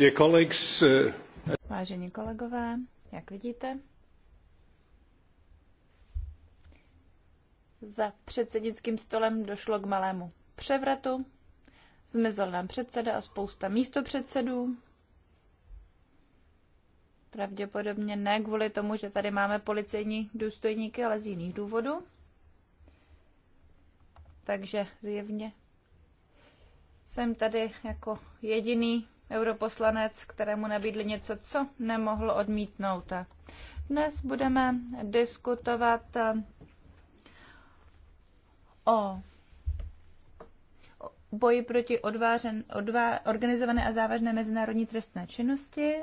Uh, Vážení kolegové, jak vidíte, za předsednickým stolem došlo k malému převratu. Zmizel nám předseda a spousta místopředsedů. Pravděpodobně ne kvůli tomu, že tady máme policejní důstojníky, ale z jiných důvodů. Takže zjevně jsem tady jako jediný europoslanec, kterému nabídli něco, co nemohl odmítnout. Dnes budeme diskutovat eh, o boji proti odvážen, odvá, organizované a závažné mezinárodní trestné činnosti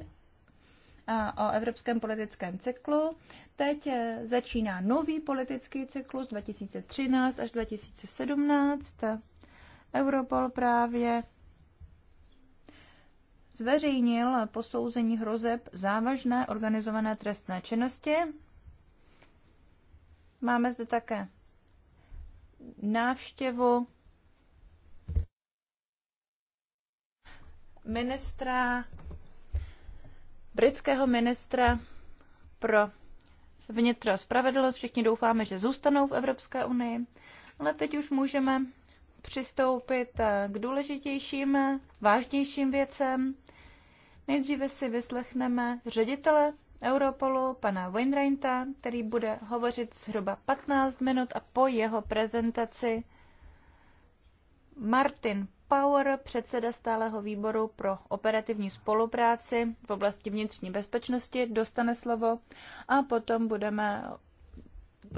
a o evropském politickém cyklu. Teď eh, začíná nový politický cyklus 2013 až 2017. Europol právě zveřejnil posouzení hrozeb závažné organizované trestné činnosti. Máme zde také návštěvu ministra, britského ministra pro vnitro a spravedlnost. Všichni doufáme, že zůstanou v Evropské unii, ale teď už můžeme přistoupit eh, k důležitějším, eh, vážnějším věcem. Nejdříve si vyslechneme ředitele Europolu, pana Weinreinta, který bude hovořit zhruba 15 minut a po jeho prezentaci Martin Power, předseda stáleho výboru pro operativní spolupráci v oblasti vnitřní bezpečnosti, dostane slovo a potom budeme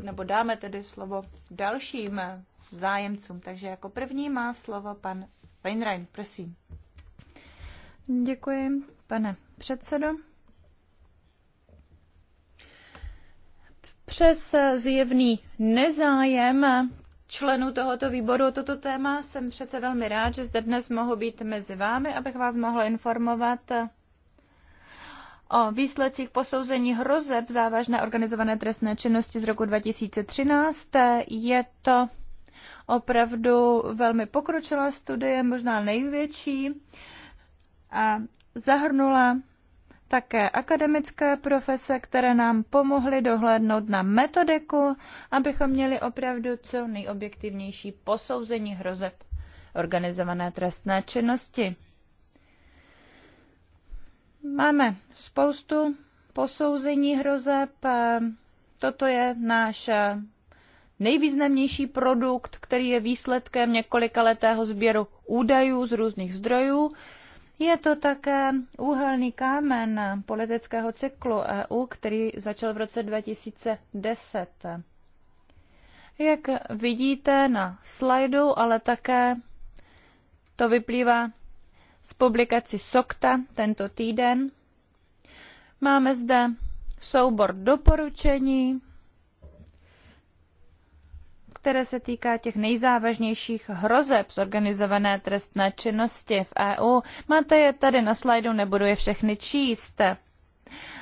nebo dáme tedy slovo dalším zájemcům. Takže jako první má slovo pan Weinrein, prosím. Děkuji, pane předsedo. Přes zjevný nezájem členů tohoto výboru toto téma jsem přece velmi rád, že zde dnes mohu být mezi vámi, abych vás mohla informovat o výsledcích posouzení hrozeb závažné organizované trestné činnosti z roku 2013. Je to opravdu velmi pokročilá studie, možná největší, a zahrnula také akademické profese, které nám pomohly dohlédnout na metodiku, abychom měli opravdu co nejobjektivnější posouzení hrozeb organizované trestné činnosti. Máme spoustu posouzení hrozeb. Eh, Toto je náš eh, nejvýznamnější produkt, který je výsledkem několikaletého sběru údajů z různých zdrojů. Je to také úhelný kámen politického cyklu EU, který začal v roce 2010. Jak vidíte na slajdu, ale také to vyplývá s publikací Sokta tento týden. Máme zde soubor doporučení, které se týká těch nejzávažnějších hrozeb zorganizované trestné činnosti v EU. Máte je tady na slajdu, nebudu je všechny číst.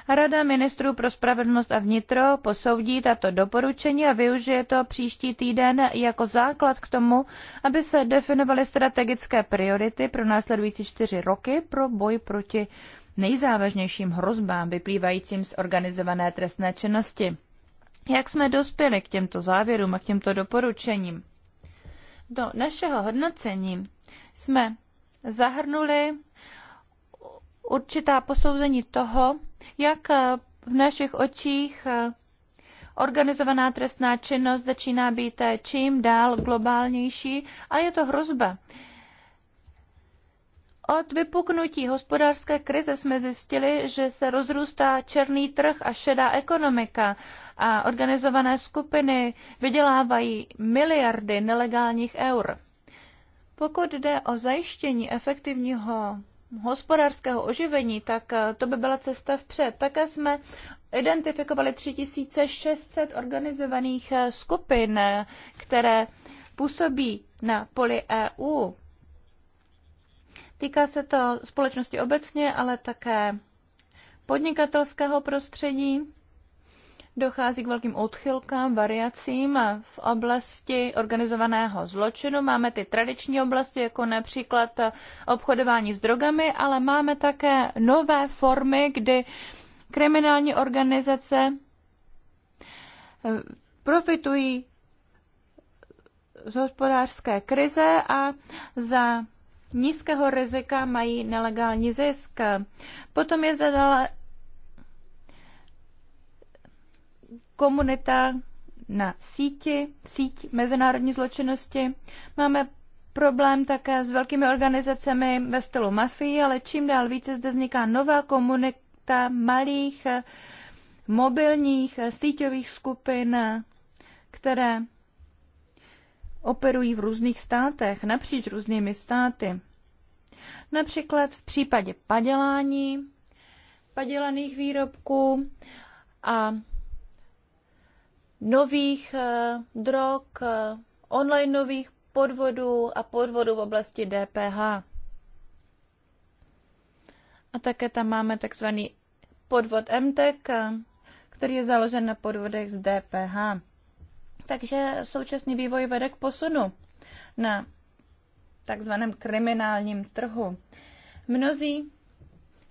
Rada ministrů pro spravedlnost a vnitro posoudí tato doporučení a využije to příští týden jako základ k tomu, aby se definovaly strategické priority pro následující čtyři roky pro boj proti nejzávažnějším hrozbám vyplývajícím z organizované trestné činnosti. Jak jsme dospěli k těmto závěrům a k těmto doporučením? Do našeho hodnocení jsme zahrnuli určitá posouzení toho, jak eh, v našich očích eh, organizovaná trestná činnost začíná být eh, čím dál globálnější a je to hrozba. Od vypuknutí hospodářské krize jsme zjistili, že se rozrůstá černý trh a šedá ekonomika a organizované skupiny vydělávají miliardy nelegálních eur. Pokud jde o zajištění efektivního hospodářského oživení, tak eh, to by byla cesta vpřed. Také jsme identifikovali 3600 organizovaných eh, skupin, eh, které působí na poli EU. Týká se to společnosti obecně, ale také podnikatelského prostředí dochází k velkým odchylkám, variacím v oblasti organizovaného zločinu. Máme ty tradiční oblasti, jako například obchodování s drogami, ale máme také nové formy, kdy kriminální organizace eh, profitují z hospodářské krize a za nízkého rizika mají nelegální zisk. Potom je zde komunita na síti, síť mezinárodní zločinnosti. Máme problém také s velkými organizacemi ve stylu mafii, ale čím dál více zde vzniká nová komunita malých eh, mobilních eh, síťových skupin, eh, které operují v různých státech, napříč různými státy. Například v případě padělání padělaných výrobků a nových eh, drog, eh, online nových podvodů a podvodů v oblasti DPH. A také tam máme takzvaný podvod MTEC, eh, který je založen na podvodech z DPH. Takže současný vývoj vede k posunu na takzvaném kriminálním trhu. Mnozí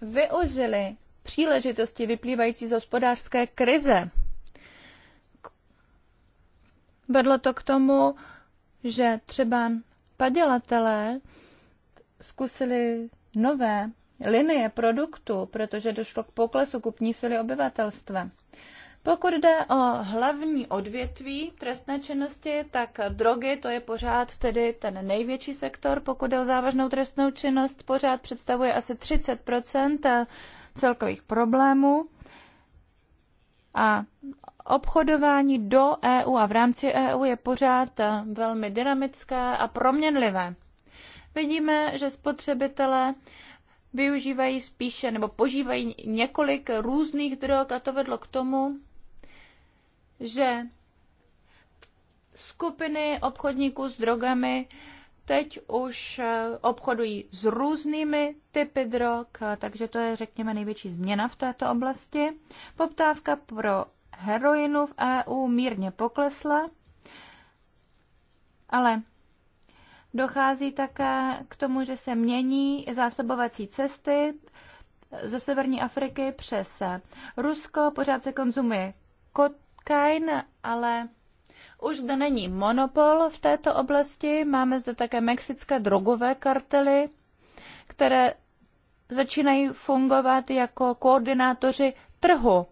využili příležitosti vyplývající z hospodářské krize Vedlo to k tomu, že třeba padělatelé zkusili nové linie produktu, protože došlo k poklesu kupní síly obyvatelstva. Pokud jde o hlavní odvětví trestné činnosti, tak drogy, to je pořád tedy ten největší sektor. Pokud jde o závažnou trestnou činnost, pořád představuje asi 30 celkových problémů. A obchodování do EU a v rámci EU je pořád eh, velmi dynamické a proměnlivé. Vidíme, že spotřebitelé využívají spíše nebo požívají několik různých drog a to vedlo k tomu, že skupiny obchodníků s drogami teď už eh, obchodují s různými typy drog, eh, takže to je, řekněme, největší změna v této oblasti. Poptávka pro heroinu v EU mírně poklesla, ale dochází také k tomu, že se mění zásobovací cesty ze severní Afriky přes Rusko. Pořád se konzumuje kokain, ale už zde není monopol v této oblasti. Máme zde také mexické drogové kartely, které začínají fungovat jako koordinátoři trhu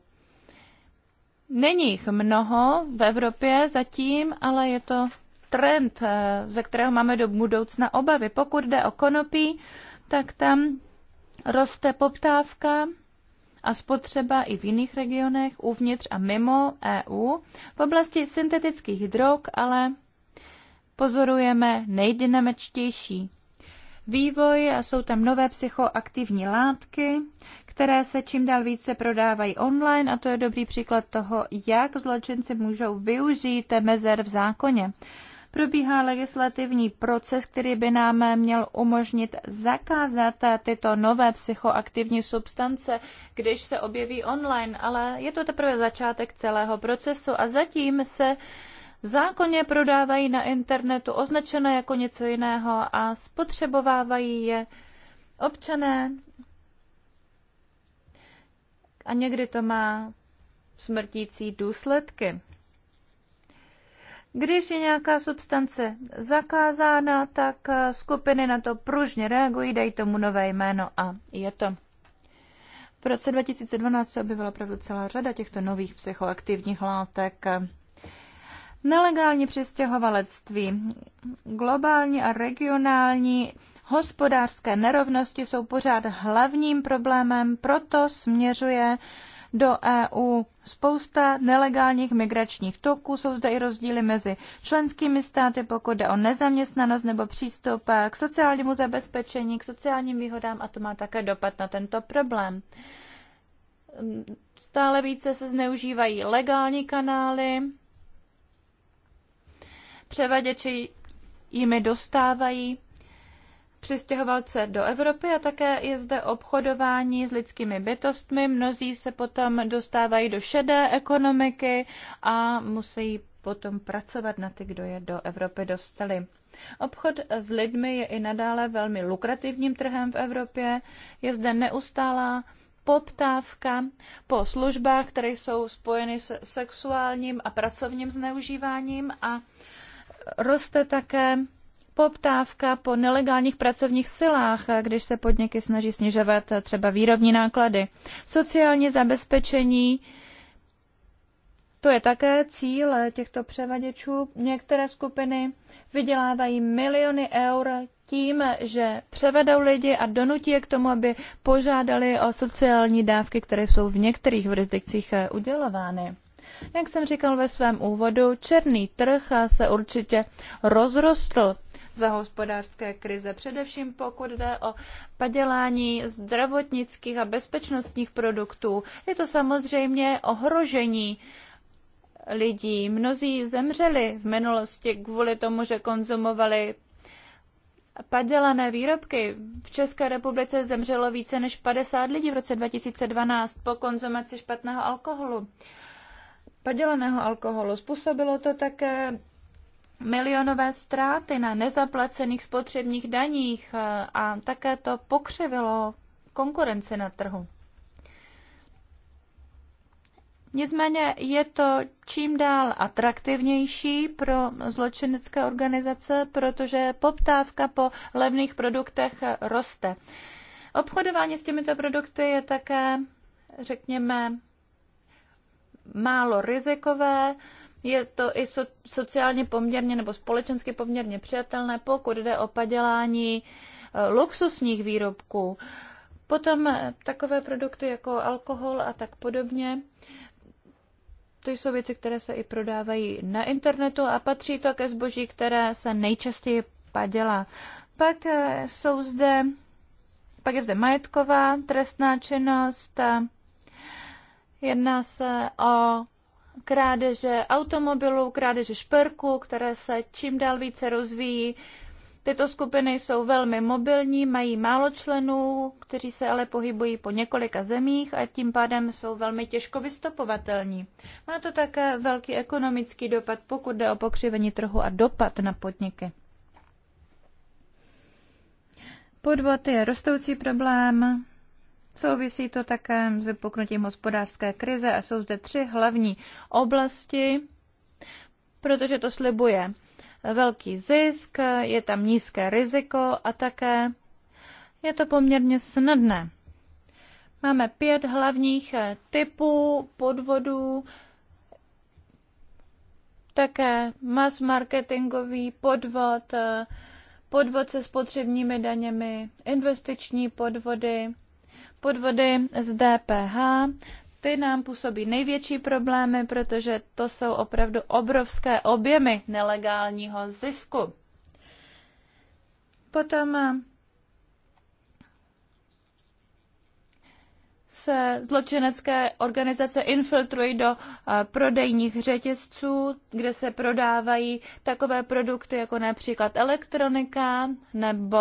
Není jich mnoho v Evropě zatím, ale je to trend, eh, ze kterého máme do budoucna obavy. Pokud jde o konopí, tak tam roste poptávka a spotřeba i v jiných regionech, uvnitř a mimo EU. V oblasti syntetických drog ale pozorujeme nejdynamičtější vývoj a jsou tam nové psychoaktivní látky, které se čím dál více prodávají online a to je dobrý příklad toho, jak zločinci můžou využít mezer v zákoně. Probíhá legislativní proces, který by nám měl umožnit zakázat tyto nové psychoaktivní substance, když se objeví online, ale je to teprve začátek celého procesu a zatím se zákonně prodávají na internetu označené jako něco jiného a spotřebovávají je občané a někdy to má smrtící důsledky. Když je nějaká substance zakázána, tak eh, skupiny na to pružně reagují, dají tomu nové jméno a je to. V roce 2012 se objevila opravdu celá řada těchto nových psychoaktivních látek. Nelegální přistěhovalectví, globální a regionální hospodářské nerovnosti jsou pořád hlavním problémem, proto směřuje do EU spousta nelegálních migračních toků. Jsou zde i rozdíly mezi členskými státy, pokud jde o nezaměstnanost nebo přístup k sociálnímu zabezpečení, k sociálním výhodám a to má také dopad na tento problém. Stále více se zneužívají legální kanály, převaděči jimi dostávají přistěhovalce do Evropy a také je zde obchodování s lidskými bytostmi. Mnozí se potom dostávají do šedé ekonomiky a musí potom pracovat na ty, kdo je do Evropy dostali. Obchod s lidmi je i nadále velmi lukrativním trhem v Evropě. Je zde neustálá poptávka po službách, které jsou spojeny s sexuálním a pracovním zneužíváním a roste také poptávka po nelegálních pracovních silách, když se podniky snaží snižovat třeba výrobní náklady. Sociální zabezpečení, to je také cíl těchto převaděčů. Některé skupiny vydělávají miliony eur tím, že převedou lidi a donutí je k tomu, aby požádali o sociální dávky, které jsou v některých jurisdikcích eh, udělovány. Jak jsem říkal ve svém úvodu, černý trh se určitě rozrostl za hospodářské krize, především pokud jde o padělání zdravotnických a bezpečnostních produktů. Je to samozřejmě ohrožení lidí. Mnozí zemřeli v minulosti kvůli tomu, že konzumovali padělané výrobky. V České republice zemřelo více než 50 lidí v roce 2012 po konzumaci špatného alkoholu padělaného alkoholu. Způsobilo to také milionové ztráty na nezaplacených spotřebních daních eh, a také to pokřivilo konkurenci na trhu. Nicméně je to čím dál atraktivnější pro zločinecké organizace, protože poptávka po levných produktech roste. Obchodování s těmito produkty je také, řekněme, málo rizikové, je to i so, sociálně poměrně nebo společensky poměrně přijatelné, pokud jde o padělání eh, luxusních výrobků. Potom eh, takové produkty jako alkohol a tak podobně. To jsou věci, které se i prodávají na internetu a patří to ke zboží, které se nejčastěji padělá. Pak eh, jsou zde, pak je zde majetková trestná činnost, Jedná se o krádeže automobilů, krádeže šperků, které se čím dál více rozvíjí. Tyto skupiny jsou velmi mobilní, mají málo členů, kteří se ale pohybují po několika zemích a tím pádem jsou velmi těžko vystopovatelní. Má to také velký ekonomický dopad, pokud jde o pokřivení trhu a dopad na podniky. Podvod je rostoucí problém, Souvisí to také s vypuknutím hospodářské krize a jsou zde tři hlavní oblasti, protože to slibuje velký zisk, je tam nízké riziko a také je to poměrně snadné. Máme pět hlavních typů podvodů, také mass marketingový podvod, podvod se spotřebními daněmi, investiční podvody, Podvody z DPH, ty nám působí největší problémy, protože to jsou opravdu obrovské objemy nelegálního zisku. Potom eh, se zločinecké organizace infiltrují do eh, prodejních řetězců, kde se prodávají takové produkty jako například elektronika nebo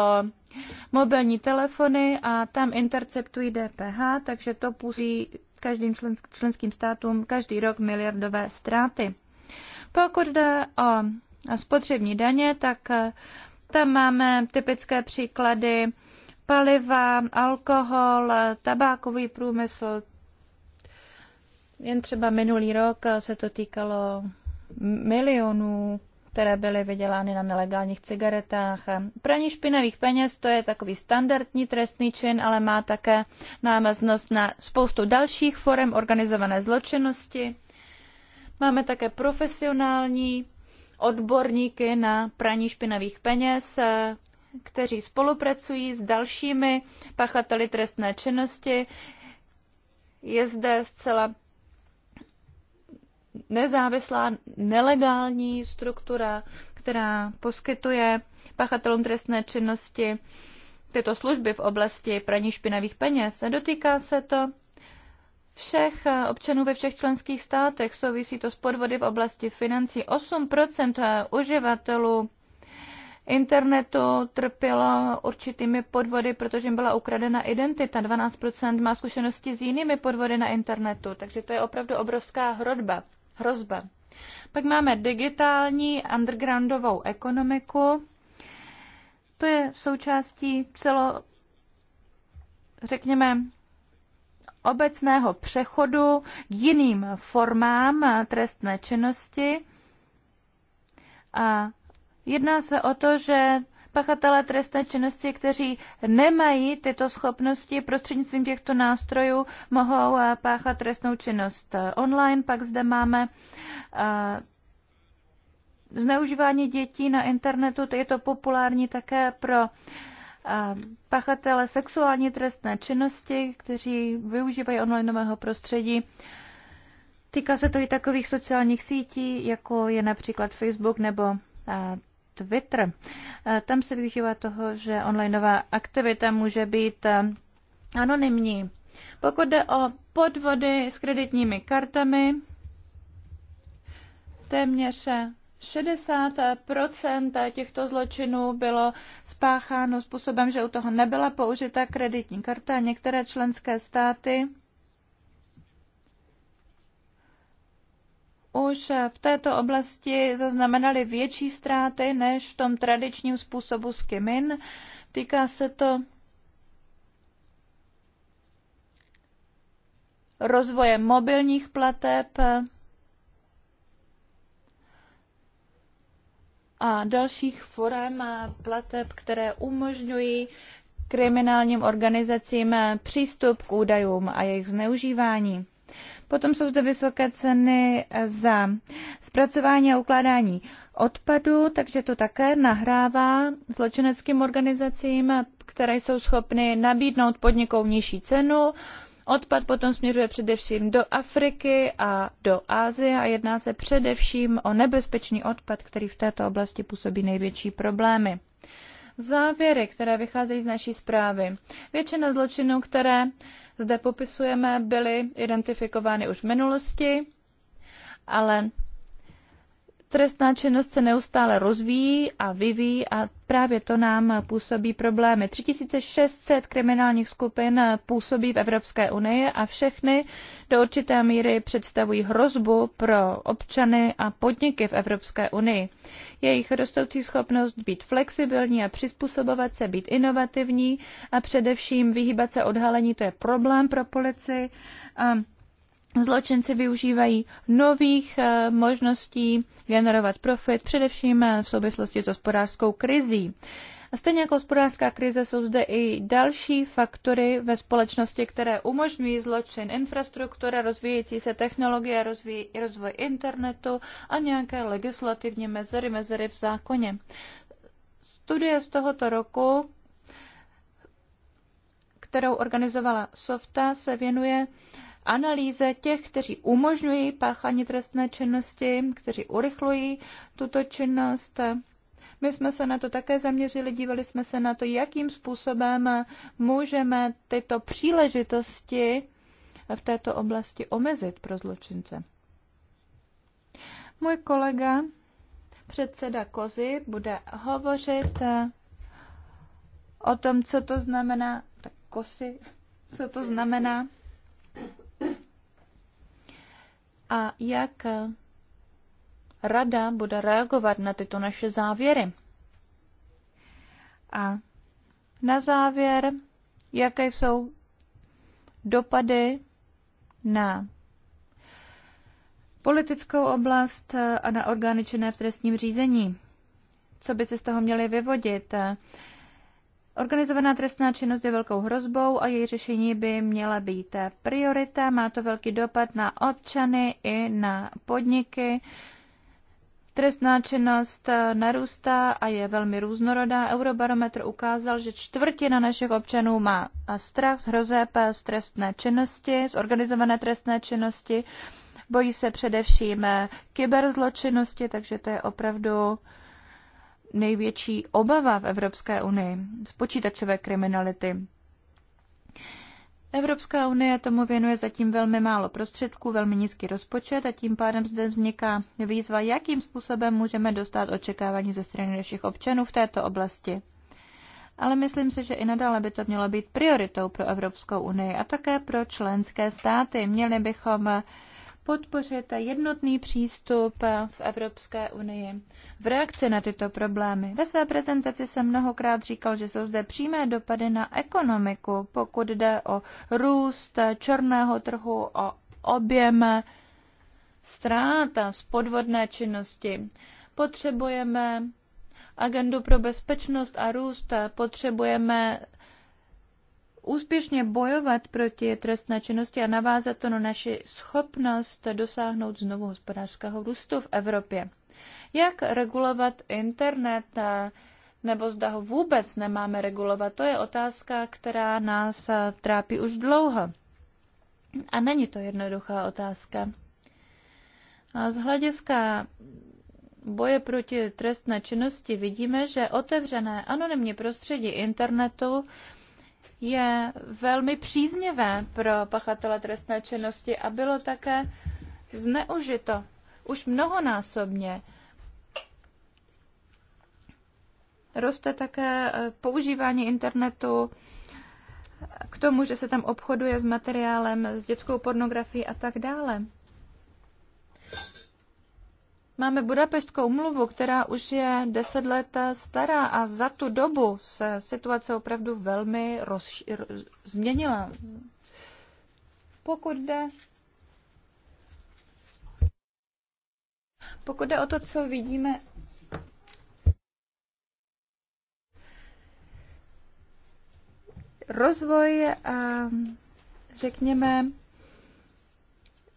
mobilní telefony a tam interceptují DPH, takže to půří každým členským státům každý rok miliardové ztráty. Pokud jde o spotřební daně, tak eh, tam máme typické příklady paliva, alkohol, eh, tabákový průmysl. Jen třeba minulý rok eh, se to týkalo milionů které byly vydělány na nelegálních cigaretách. Praní špinavých peněz to je takový standardní trestný čin, ale má také námaznost na spoustu dalších forem organizované zločinnosti. Máme také profesionální odborníky na praní špinavých peněz, kteří spolupracují s dalšími pachateli trestné činnosti. Je zde zcela nezávislá nelegální struktura, která poskytuje pachatelům trestné činnosti tyto služby v oblasti praní špinavých peněz. Dotýká se to všech eh, občanů ve všech členských státech. Souvisí to s podvody v oblasti financí. 8% eh, uživatelů internetu trpělo určitými podvody, protože jim byla ukradena identita. 12% má zkušenosti s jinými podvody na internetu, takže to je opravdu obrovská hrodba hrozba. Pak máme digitální undergroundovou ekonomiku. To je součástí celo, řekněme, obecného přechodu k jiným formám trestné činnosti. A jedná se o to, že pachatelé trestné činnosti, kteří nemají tyto schopnosti, prostřednictvím těchto nástrojů mohou eh, páchat trestnou činnost eh, online. Pak zde máme eh, zneužívání dětí na internetu. Je to populární také pro pachatele sexuální trestné činnosti, kteří využívají onlineového prostředí. Týká se to i takových sociálních sítí, jako je například Facebook nebo Twitter. E, tam se využívá toho, že onlineová aktivita může být e, anonymní. Pokud jde o podvody s kreditními kartami, téměř 60 těchto zločinů bylo spácháno způsobem, že u toho nebyla použita kreditní karta. Některé členské státy už v této oblasti zaznamenali větší ztráty než v tom tradičním způsobu s Kimin. Týká se to rozvoje mobilních plateb a dalších forem plateb, které umožňují kriminálním organizacím přístup k údajům a jejich zneužívání. Potom jsou zde vysoké ceny za zpracování a ukládání odpadu, takže to také nahrává zločineckým organizacím, které jsou schopny nabídnout podnikou nižší cenu. Odpad potom směřuje především do Afriky a do Asie a jedná se především o nebezpečný odpad, který v této oblasti působí největší problémy. Závěry, které vycházejí z naší zprávy. Většina zločinů, které zde popisujeme, byly identifikovány už v minulosti, ale Trestná činnost se neustále rozvíjí a vyvíjí a právě to nám působí problémy. 3600 kriminálních skupin působí v Evropské unii a všechny do určité míry představují hrozbu pro občany a podniky v Evropské unii. Jejich rostoucí schopnost být flexibilní a přizpůsobovat se, být inovativní a především vyhýbat se odhalení, to je problém pro policii. A Zločinci využívají nových eh, možností generovat profit, především eh, v souvislosti s hospodářskou krizí. A stejně jako hospodářská krize jsou zde i další faktory ve společnosti, které umožňují zločin, infrastruktura, rozvíjející se technologie, rozvíj, rozvoj internetu a nějaké legislativní mezery, mezery v zákoně. Studie z tohoto roku, kterou organizovala SOFTA, se věnuje uh, analýze těch, kteří umožňují páchání trestné činnosti, kteří urychlují tuto činnost. My jsme se na to také zaměřili, dívali jsme se na to, jakým způsobem můžeme tyto příležitosti v této oblasti omezit pro zločince. Můj kolega, předseda Kozy, bude hovořit eh, o tom, co to znamená, tak kosy, co to znamená a jak rada bude reagovat na tyto naše závěry. A na závěr, jaké jsou dopady na politickou oblast a na orgány činné v trestním řízení. Co by se z toho měly vyvodit? Organizovaná trestná činnost je velkou hrozbou a její řešení by měla být priorita. Má to velký dopad na občany i na podniky. Trestná činnost narůstá a je velmi různorodá. Eurobarometr ukázal, že čtvrtina našich občanů má strach z hrozeb z trestné činnosti, z organizované trestné činnosti. Bojí se především kyberzločinnosti, takže to je opravdu největší obava v Evropské unii z počítačové kriminality. Evropská unie tomu věnuje zatím velmi málo prostředků, velmi nízký rozpočet a tím pádem zde vzniká výzva, jakým způsobem můžeme dostat očekávání ze strany našich občanů v této oblasti. Ale myslím si, že i nadále by to mělo být prioritou pro Evropskou unii a také pro členské státy. Měli bychom podpořit jednotný přístup v Evropské unii v reakci na tyto problémy. Ve své prezentaci jsem mnohokrát říkal, že jsou zde přímé dopady na ekonomiku, pokud jde o růst černého trhu, o objem ztráta z podvodné činnosti. Potřebujeme agendu pro bezpečnost a růst, potřebujeme úspěšně bojovat proti trestné činnosti a navázat to na naši schopnost dosáhnout znovu hospodářského růstu v Evropě. Jak regulovat internet nebo zda ho vůbec nemáme regulovat, to je otázka, která nás trápí už dlouho. A není to jednoduchá otázka. A z hlediska boje proti trestné činnosti vidíme, že otevřené anonymní prostředí internetu je velmi příznivé pro pachatele trestné činnosti a bylo také zneužito už mnohonásobně. Roste také e, používání internetu k tomu, že se tam obchoduje s materiálem, s dětskou pornografií a tak dále. Máme Budapeštskou umluvu, která už je deset let stará a za tu dobu se situace opravdu velmi rozši- roz- změnila. Pokud jde Pokud jde o to, co vidíme, rozvoj, eh, řekněme,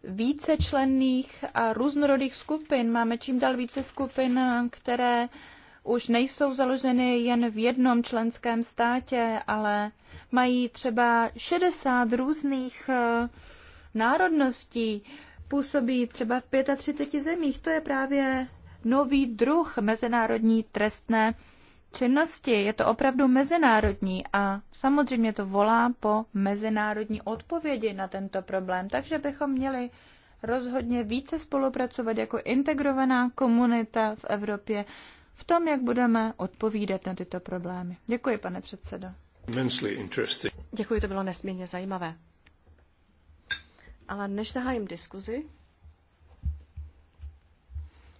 vícečlenných a různorodých skupin. Máme čím dál více skupin, které už nejsou založeny jen v jednom členském státě, ale mají třeba 60 různých eh, národností, působí třeba v 35 zemích. To je právě nový druh mezinárodní trestné činnosti. Je to opravdu mezinárodní a samozřejmě to volá po mezinárodní odpovědi na tento problém. Takže bychom měli rozhodně více spolupracovat jako integrovaná komunita v Evropě v tom, jak budeme odpovídat na tyto problémy. Děkuji, pane předsedo. Děkuji, to bylo nesmírně zajímavé. Ale než zahájím diskuzi,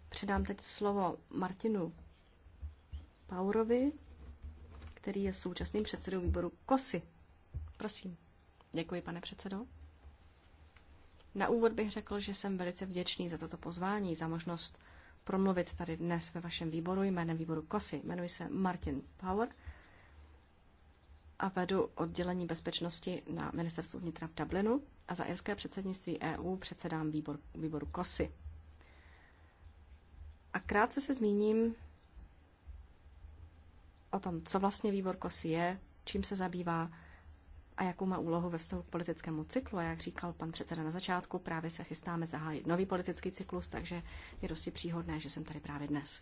předám teď slovo Martinu Paurovi, který je současným předsedou výboru KOSY. Prosím. Děkuji, pane předsedo. Na úvod bych řekl, že jsem velice vděčný za toto pozvání, za možnost promluvit tady dnes ve vašem výboru jménem výboru KOSY. Jmenuji se Martin Power a vedu oddělení bezpečnosti na ministerstvu vnitra v Dublinu a za irské předsednictví EU předsedám výbor, výboru KOSY. A krátce se zmíním o tom, co vlastně výbor Kosy je, čím se zabývá a jakou má úlohu ve vztahu k politickému cyklu. A jak říkal pan předseda na začátku, právě se chystáme zahájit nový politický cyklus, takže je dosti příhodné, že jsem tady právě dnes.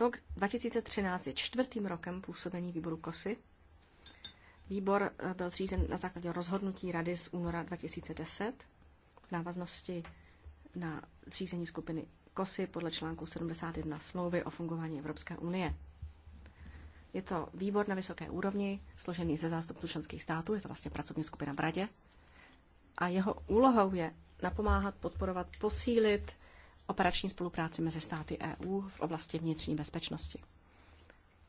Rok 2013 je čtvrtým rokem působení výboru KOSY. Výbor eh, byl zřízen na základě rozhodnutí Rady z února 2010 v návaznosti na zřízení skupiny KOSY podle článku 71 smlouvy o fungování Evropské unie. Je to výbor na vysoké úrovni, složený ze zástupců členských států, je to vlastně pracovní skupina v radě. A jeho úlohou je napomáhat, podporovat, posílit operační spolupráci mezi státy EU v oblasti vnitřní bezpečnosti.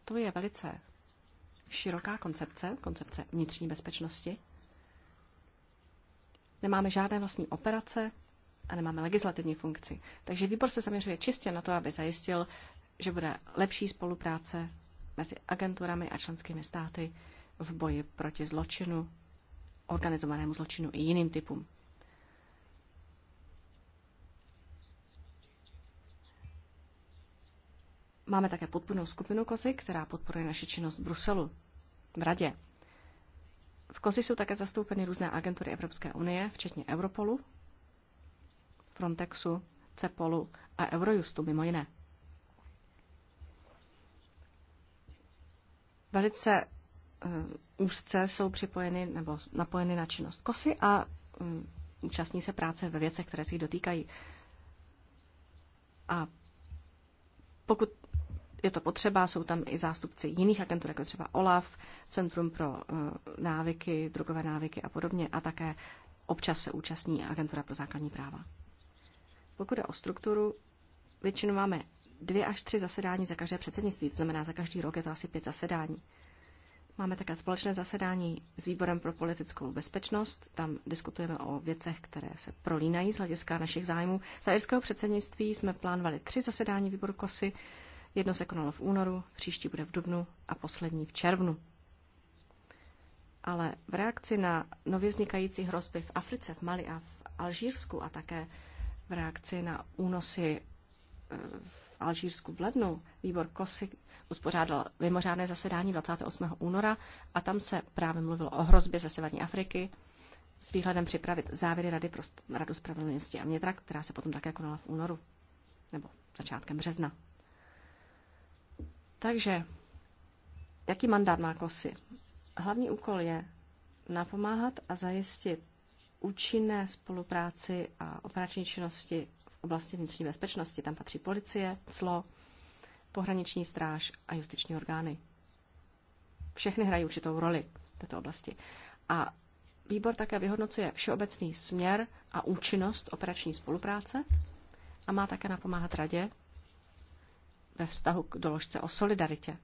To je velice široká koncepce, koncepce vnitřní bezpečnosti. Nemáme žádné vlastní operace, a nemáme legislativní funkci. Takže výbor se zaměřuje čistě na to, aby zajistil, že bude lepší spolupráce mezi agenturami a členskými státy v boji proti zločinu, organizovanému zločinu i jiným typům. Máme také podpůrnou skupinu kozy, která podporuje naši činnost v Bruselu, v Radě. V kozi jsou také zastoupeny různé agentury Evropské unie, včetně Europolu, Frontexu, Cepolu a Eurojustu mimo jiné. Velice eh, úzce jsou připojeny nebo napojeny na činnost KOSY a mm, účastní se práce ve věcech, které se jich dotýkají. A pokud je to potřeba, jsou tam i zástupci jiných agentů, jako třeba OLAF, Centrum pro eh, návyky, drogové návyky a podobně, a také občas se účastní agentura pro základní práva. Pokud je o strukturu, většinou máme dvě až tři zasedání za každé předsednictví, to znamená za každý rok je to asi pět zasedání. Máme také společné zasedání s Výborem pro politickou bezpečnost. Tam diskutujeme o věcech, které se prolínají z hlediska našich zájmů. Za irského předsednictví jsme plánovali tři zasedání výboru KOSY. Jedno se konalo v únoru, příští bude v dubnu a poslední v červnu. Ale v reakci na nově vznikající hrozby v Africe, v Mali a v Alžírsku a také v reakci na únosy eh, v Alžírsku v lednu výbor KOSY uspořádal mimořádné zasedání 28. února a tam se právě mluvilo o hrozbě ze Severní Afriky s výhledem připravit závěry Rady pro Radu spravedlnosti a vnitra, která se potom také konala v únoru nebo začátkem března. Takže, jaký mandát má KOSY? Hlavní úkol je napomáhat a zajistit účinné spolupráci a operační činnosti v oblasti vnitřní bezpečnosti. Tam patří policie, clo, pohraniční stráž a justiční orgány. Všechny hrají určitou roli v této oblasti. A výbor také vyhodnocuje všeobecný směr a účinnost operační spolupráce a má také napomáhat radě ve vztahu k doložce o solidaritě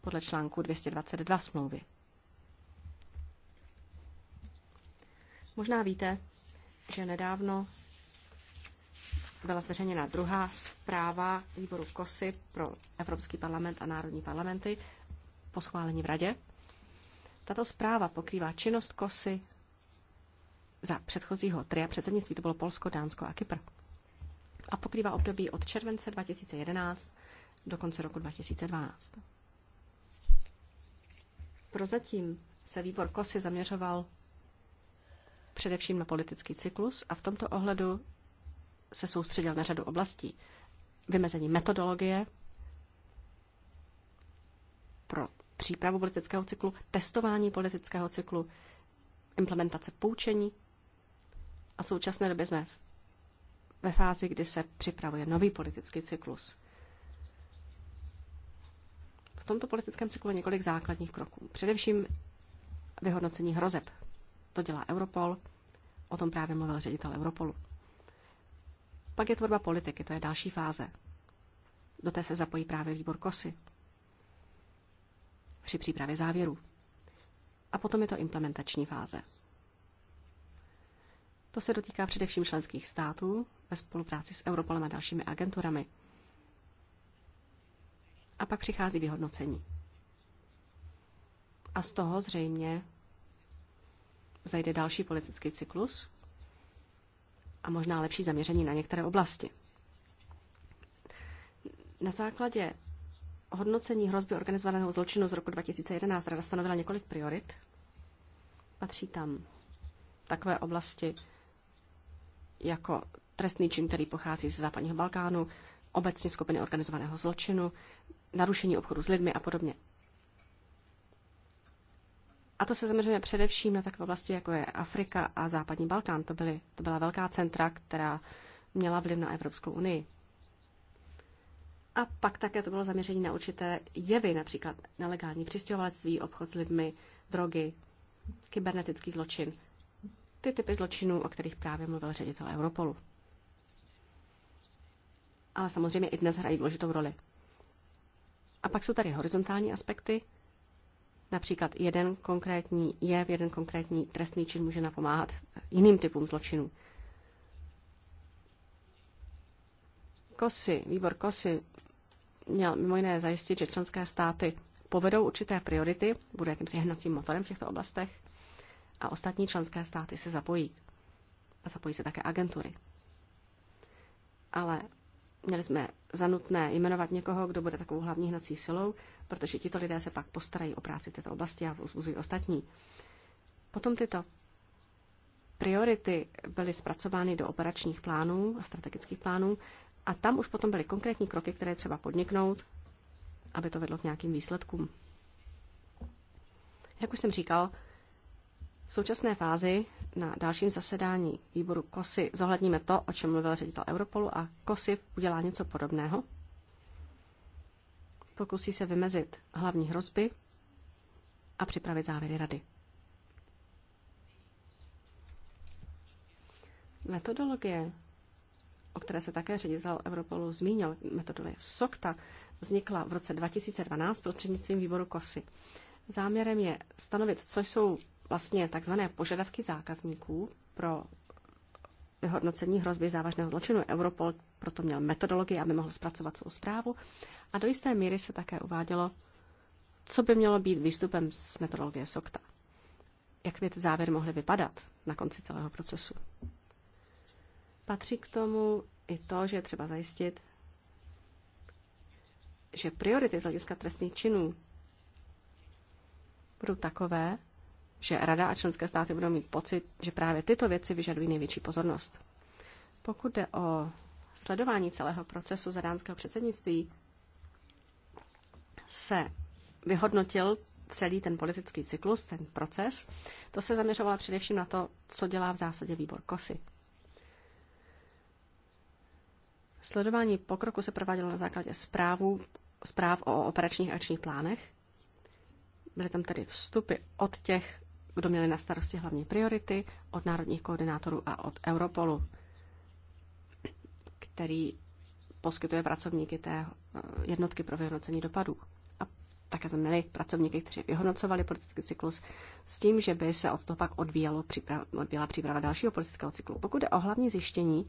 podle článku 222 smlouvy. Možná víte, že nedávno byla zveřejněna druhá zpráva výboru KOSY pro Evropský parlament a národní parlamenty po schválení v Radě. Tato zpráva pokrývá činnost KOSY za předchozího tria předsednictví, to bylo Polsko, Dánsko a Kypr. A pokrývá období od července 2011 do konce roku 2012. Prozatím se výbor KOSY zaměřoval především na politický cyklus a v tomto ohledu se soustředil na řadu oblastí. Vymezení metodologie pro přípravu politického cyklu, testování politického cyklu, implementace poučení a v současné době jsme ve fázi, kdy se připravuje nový politický cyklus. V tomto politickém cyklu je několik základních kroků. Především vyhodnocení hrozeb, to dělá Europol. O tom právě mluvil ředitel Europolu. Pak je tvorba politiky, to je další fáze. Do té se zapojí právě výbor KOSY při přípravě závěrů. A potom je to implementační fáze. To se dotýká především členských států ve spolupráci s Europolem a dalšími agenturami. A pak přichází vyhodnocení. A z toho zřejmě zajde další politický cyklus a možná lepší zaměření na některé oblasti. Na základě hodnocení hrozby organizovaného zločinu z roku 2011 Rada stanovila několik priorit. Patří tam takové oblasti jako trestný čin, který pochází ze západního Balkánu, obecně skupiny organizovaného zločinu, narušení obchodu s lidmi a podobně. A to se zaměřuje především na takové oblasti, jako je Afrika a Západní Balkán. To, byly, to byla velká centra, která měla vliv na Evropskou unii. A pak také to bylo zaměření na určité jevy, například nelegální přistěhovalectví, obchod s lidmi, drogy, kybernetický zločin. Ty typy zločinů, o kterých právě mluvil ředitel Europolu. Ale samozřejmě i dnes hrají důležitou roli. A pak jsou tady horizontální aspekty, Například jeden konkrétní je jeden konkrétní trestný čin může napomáhat jiným typům zločinů. KOSY, výbor KOSY měl mimo jiné zajistit, že členské státy povedou určité priority, bude jakýmsi hnacím motorem v těchto oblastech a ostatní členské státy se zapojí. A zapojí se také agentury. Ale měli jsme zanutné jmenovat někoho, kdo bude takovou hlavní hnací silou protože tito lidé se pak postarají o práci této oblasti a uzbuzují ostatní. Potom tyto priority byly zpracovány do operačních plánů a strategických plánů a tam už potom byly konkrétní kroky, které třeba podniknout, aby to vedlo k nějakým výsledkům. Jak už jsem říkal, v současné fázi na dalším zasedání výboru KOSY zohledníme to, o čem mluvil ředitel Europolu a KOSY udělá něco podobného. Pokusí se vymezit hlavní hrozby a připravit závěry rady. Metodologie, o které se také ředitel Europolu zmínil, metodologie SOCTA, vznikla v roce 2012 prostřednictvím výboru KOSY. Záměrem je stanovit, co jsou vlastně takzvané požadavky zákazníků pro vyhodnocení hrozby závažného zločinu. Europol proto měl metodologii, aby mohl zpracovat svou zprávu a do jisté míry se také uvádělo, co by mělo být výstupem z metodologie SOKTA. Jak by ty závěry mohly vypadat na konci celého procesu. Patří k tomu i to, že je třeba zajistit, že priority z hlediska trestných činů budou takové, že Rada a členské státy budou mít pocit, že právě tyto věci vyžadují největší pozornost. Pokud jde o sledování celého procesu za dánského předsednictví, se vyhodnotil celý ten politický cyklus, ten proces, to se zaměřovala především na to, co dělá v zásadě výbor KOSY. Sledování pokroku se provádělo na základě zprávu, zpráv o operačních akčních plánech. Byly tam tedy vstupy od těch, kdo měli na starosti hlavní priority, od národních koordinátorů a od Europolu, který poskytuje pracovníky té eh, jednotky pro vyhodnocení dopadů také jsme měli pracovníky, kteří vyhodnocovali politický cyklus s tím, že by se od toho pak odvíjelo příprava, odvíjela příprava dalšího politického cyklu. Pokud jde o hlavní zjištění,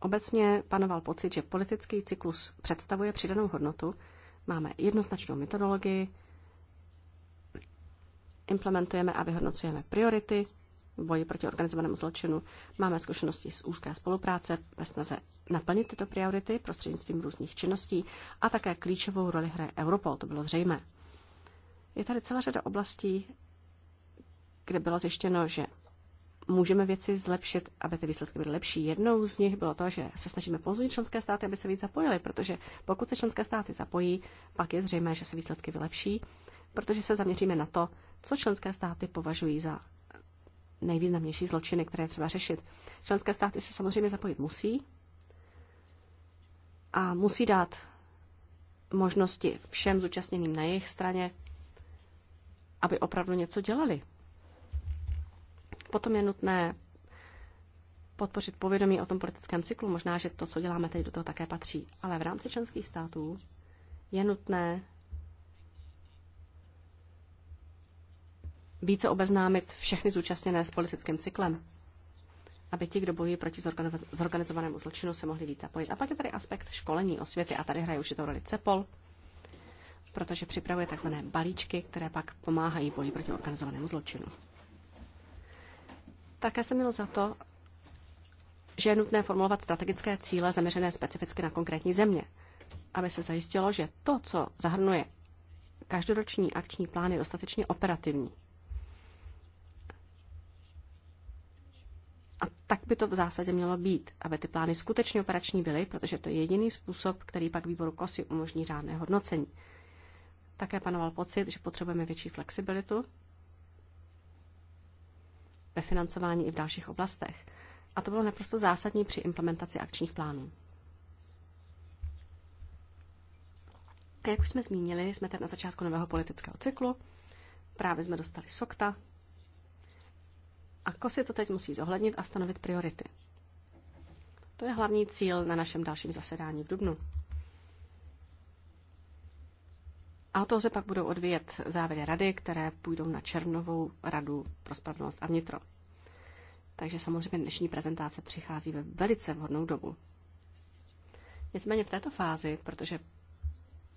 obecně panoval pocit, že politický cyklus představuje přidanou hodnotu, máme jednoznačnou metodologii, implementujeme a vyhodnocujeme priority, v boji proti organizovanému zločinu. Máme zkušenosti z úzké spolupráce ve snaze naplnit tyto priority prostřednictvím různých činností a také klíčovou roli hraje Europol, to bylo zřejmé. Je tady celá řada oblastí, kde bylo zjištěno, že můžeme věci zlepšit, aby ty výsledky byly lepší. Jednou z nich bylo to, že se snažíme pozvat členské státy, aby se víc zapojily, protože pokud se členské státy zapojí, pak je zřejmé, že se výsledky vylepší, protože se zaměříme na to, co členské státy považují za nejvýznamnější zločiny, které třeba řešit. Členské státy se samozřejmě zapojit musí a musí dát možnosti všem zúčastněným na jejich straně, aby opravdu něco dělali. Potom je nutné podpořit povědomí o tom politickém cyklu. Možná, že to, co děláme teď, do toho také patří. Ale v rámci členských států je nutné více obeznámit všechny zúčastněné s politickým cyklem, aby ti, kdo bojují proti zorganizovanému zločinu, se mohli víc zapojit. A pak je tady aspekt školení, osvěty a tady hraje určitou roli CEPOL, protože připravuje tzv. balíčky, které pak pomáhají boji proti organizovanému zločinu. Také se mělo za to, že je nutné formulovat strategické cíle zaměřené specificky na konkrétní země, aby se zajistilo, že to, co zahrnuje každoroční akční plán, je dostatečně operativní. A tak by to v zásadě mělo být, aby ty plány skutečně operační byly, protože to je jediný způsob, který pak výboru KOSY umožní řádné hodnocení. Také panoval pocit, že potřebujeme větší flexibilitu ve financování i v dalších oblastech. A to bylo naprosto zásadní při implementaci akčních plánů. A jak už jsme zmínili, jsme teď na začátku nového politického cyklu. Právě jsme dostali SOKTA, Ako si to teď musí zohlednit a stanovit priority. To je hlavní cíl na našem dalším zasedání v Dubnu. A to se pak budou odvíjet závěry rady, které půjdou na Černovou radu pro spravedlnost a vnitro. Takže samozřejmě dnešní prezentace přichází ve velice vhodnou dobu. Nicméně v této fázi, protože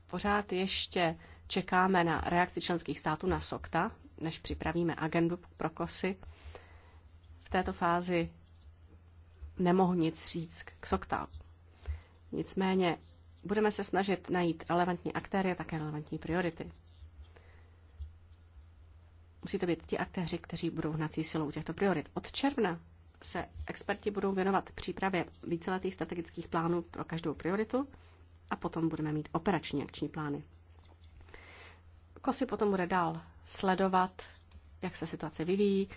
pořád ještě čekáme na reakci členských států na SOKTA, než připravíme agendu pro KOSY, této fázi nemohu nic říct k Soktal. Nicméně budeme se snažit najít relevantní aktéry a také relevantní priority. Musí to být ti aktéři, kteří budou hnací silou těchto priorit. Od června se experti budou věnovat přípravě víceletých strategických plánů pro každou prioritu a potom budeme mít operační akční plány. KOSI potom bude dál sledovat, jak se situace vyvíjí,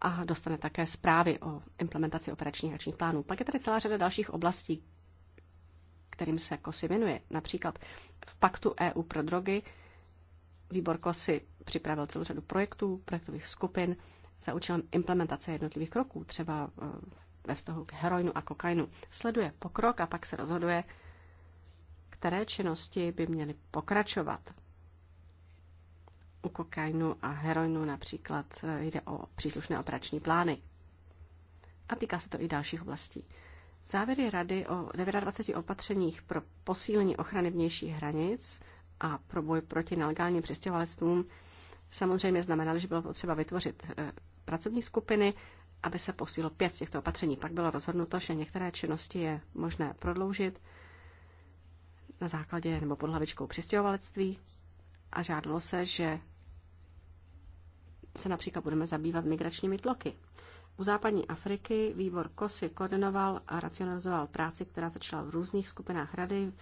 a dostane také zprávy o implementaci operačních akčních plánů. Pak je tady celá řada dalších oblastí, kterým se KOSI věnuje. Například v Paktu EU pro drogy výbor KOSI připravil celou řadu projektů, projektových skupin za účelem implementace jednotlivých kroků, třeba eh, ve vztahu k heroinu a kokainu. Sleduje pokrok a pak se rozhoduje, které činnosti by měly pokračovat u kokainu a heroinu například e, jde o příslušné operační plány. A týká se to i dalších oblastí. Závěry rady o 29 opatřeních pro posílení ochrany vnějších hranic a pro boj proti nelegálním přestěhovalectvům samozřejmě znamenaly, že bylo potřeba vytvořit e, pracovní skupiny, aby se posílilo pět z těchto opatření. Pak bylo rozhodnuto, že některé činnosti je možné prodloužit na základě nebo pod hlavičkou přistěhovalectví a žádalo se, že se například budeme zabývat migračními tloky. U západní Afriky výbor KOSY koordinoval a racionalizoval práci, která začala v různých skupinách rady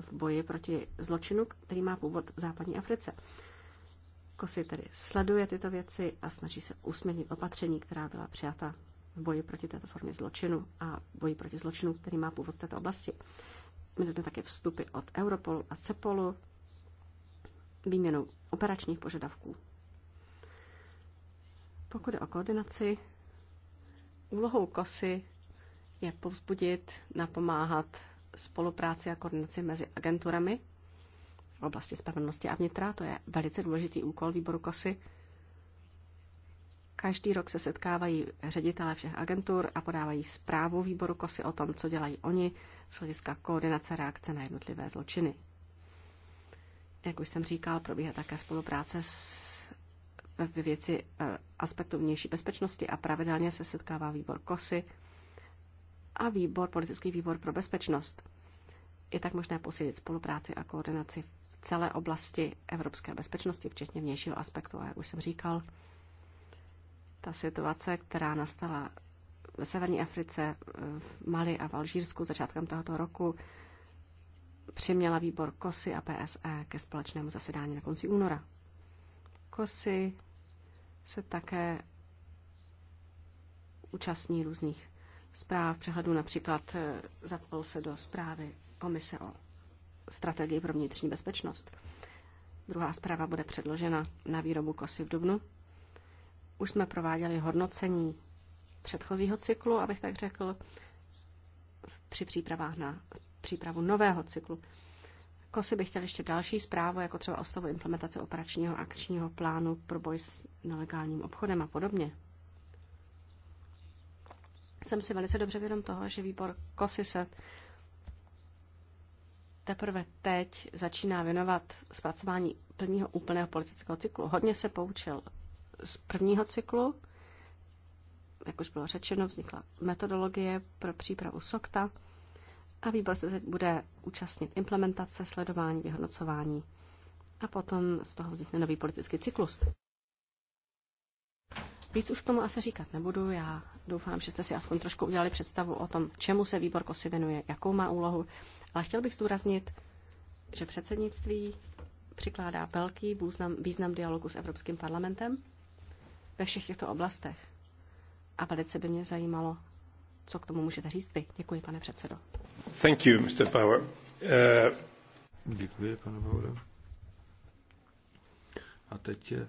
v boji proti zločinu, který má původ v západní Africe. KOSY tedy sleduje tyto věci a snaží se usměrnit opatření, která byla přijata v boji proti této formě zločinu a boji proti zločinu, který má původ v této oblasti. My jsme také vstupy od Europolu a CEPOLu, výměnou operačních požadavků pokud je o koordinaci, úlohou KOSY je povzbudit, napomáhat spolupráci a koordinaci mezi agenturami v oblasti spravedlnosti a vnitra. To je velice důležitý úkol výboru KOSY. Každý rok se setkávají ředitelé všech agentur a podávají zprávu výboru KOSY o tom, co dělají oni z hlediska koordinace reakce na jednotlivé zločiny. Jak už jsem říkal, probíhá také spolupráce s ve věci eh, aspektu vnější bezpečnosti a pravidelně se setkává výbor KOSY a výbor, politický výbor pro bezpečnost. Je tak možné posílit spolupráci a koordinaci v celé oblasti evropské bezpečnosti, včetně vnějšího aspektu. A jak už jsem říkal, ta situace, která nastala v severní Africe, eh, v Mali a v Alžírsku začátkem tohoto roku, přiměla výbor KOSY a PSE ke společnému zasedání na konci února. Kosy se také účastní různých zpráv, přehledu například eh, zapol se do zprávy Komise o strategii pro vnitřní bezpečnost. Druhá zpráva bude předložena na výrobu kosy v Dubnu. Už jsme prováděli hodnocení předchozího cyklu, abych tak řekl, při přípravách na přípravu nového cyklu. Kosy bych chtěl ještě další zprávu, jako třeba o stavu implementace operačního akčního plánu pro boj s nelegálním obchodem a podobně. Jsem si velice dobře vědom toho, že výbor Kosy se teprve teď začíná věnovat zpracování prvního úplného politického cyklu. Hodně se poučil z prvního cyklu, jak už bylo řečeno, vznikla metodologie pro přípravu SOKTA, a výbor se teď bude účastnit implementace, sledování, vyhodnocování a potom z toho vznikne nový politický cyklus. Víc už k tomu asi říkat nebudu. Já doufám, že jste si aspoň trošku udělali představu o tom, čemu se výbor KOSY věnuje, jakou má úlohu. Ale chtěl bych zdůraznit, že předsednictví přikládá velký význam, význam dialogu s Evropským parlamentem ve všech těchto oblastech. A velice by mě zajímalo, co k tomu můžete říct vy. Děkuji, pane předsedo. Thank you, Mr. Power. Uh... Děkuji, pane Power. A teď je,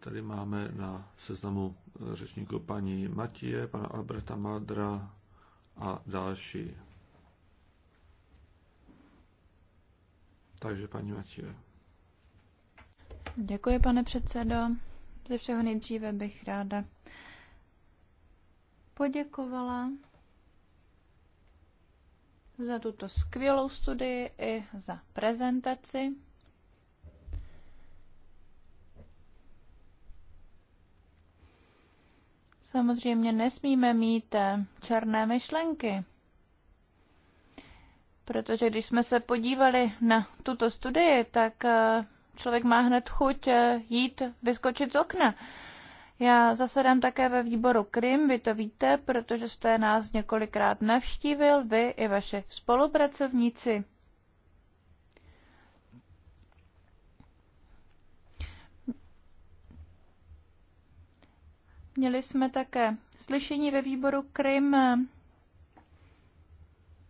tady máme na seznamu eh, řečníku paní Matěje, pana Alberta Madra a další. Takže paní Matěje. Děkuji, pane předsedo. Ze všeho nejdříve bych ráda poděkovala za tuto skvělou studii i za prezentaci. Samozřejmě nesmíme mít černé myšlenky, protože když jsme se podívali na tuto studii, tak člověk má hned chuť jít vyskočit z okna. Já zasedám také ve výboru Krim, vy to víte, protože jste nás několikrát navštívil, vy i vaši spolupracovníci. Měli jsme také slyšení ve výboru Krim.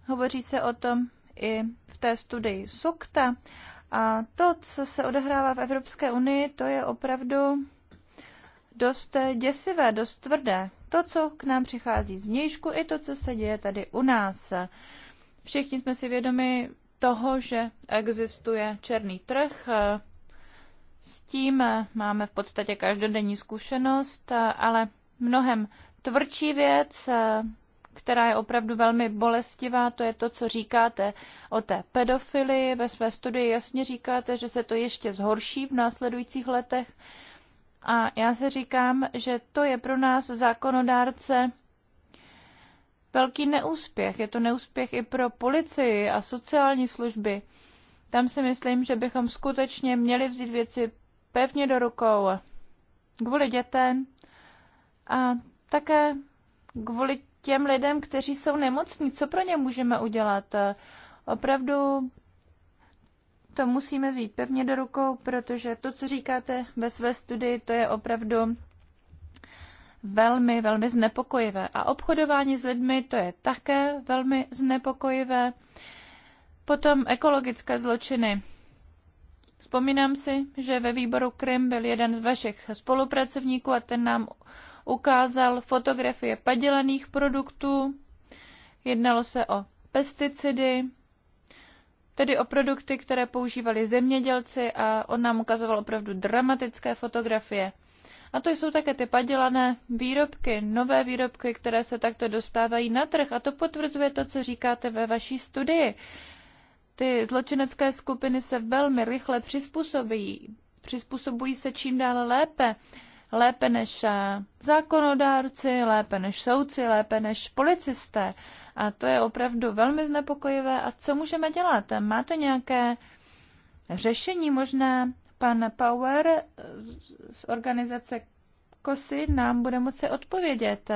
Hovoří se o tom i v té studii SOKTA. A to, co se odehrává v Evropské unii, to je opravdu dost eh, děsivé, dost tvrdé. To, co k nám přichází z vnějšku, i to, co se děje tady u nás. Všichni jsme si vědomi toho, že existuje černý trh, s tím eh, máme v podstatě každodenní zkušenost, eh, ale mnohem tvrdší věc, která je opravdu velmi bolestivá, to je to, co říkáte o té pedofilii. Ve své studii jasně říkáte, že se to ještě zhorší v následujících letech. A já si říkám, že to je pro nás zákonodárce velký neúspěch. Je to neúspěch i pro policii a sociální služby. Tam si myslím, že bychom skutečně měli vzít věci pevně do rukou kvůli dětem a také kvůli těm lidem, kteří jsou nemocní. Co pro ně můžeme udělat? Opravdu to musíme vzít pevně do rukou, protože to, co říkáte ve své studii, to je opravdu velmi, velmi znepokojivé. A obchodování s lidmi, to je také velmi znepokojivé. Potom ekologické zločiny. Vzpomínám si, že ve výboru Krym byl jeden z vašich spolupracovníků a ten nám ukázal fotografie padělených produktů. Jednalo se o pesticidy, tedy o produkty, které používali zemědělci a on nám ukazoval opravdu dramatické fotografie. A to jsou také ty padělané výrobky, nové výrobky, které se takto dostávají na trh. A to potvrzuje to, co říkáte ve vaší studii. Ty zločinecké skupiny se velmi rychle přizpůsobují. přizpůsobují se čím dále lépe lépe než eh, zákonodárci, lépe než soudci, lépe než policisté. A to je opravdu velmi znepokojivé. A co můžeme dělat? Má to nějaké řešení? Možná pan Power eh, z organizace Kosy nám bude moci odpovědět.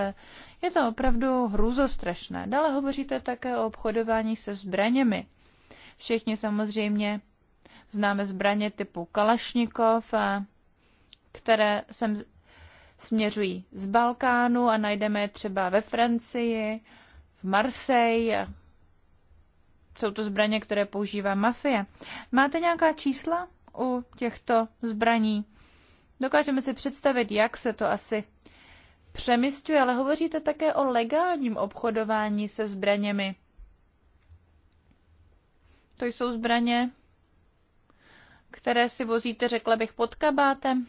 Je to opravdu hrůzostrašné. Dále hovoříte také o obchodování se zbraněmi. Všichni samozřejmě známe zbraně typu Kalašnikov a které sem směřují z Balkánu a najdeme je třeba ve Francii, v Marseille. Jsou to zbraně, které používá mafie. Máte nějaká čísla u těchto zbraní? Dokážeme si představit, jak se to asi přemysťuje, ale hovoříte také o legálním obchodování se zbraněmi. To jsou zbraně, které si vozíte, řekla bych, pod kabátem.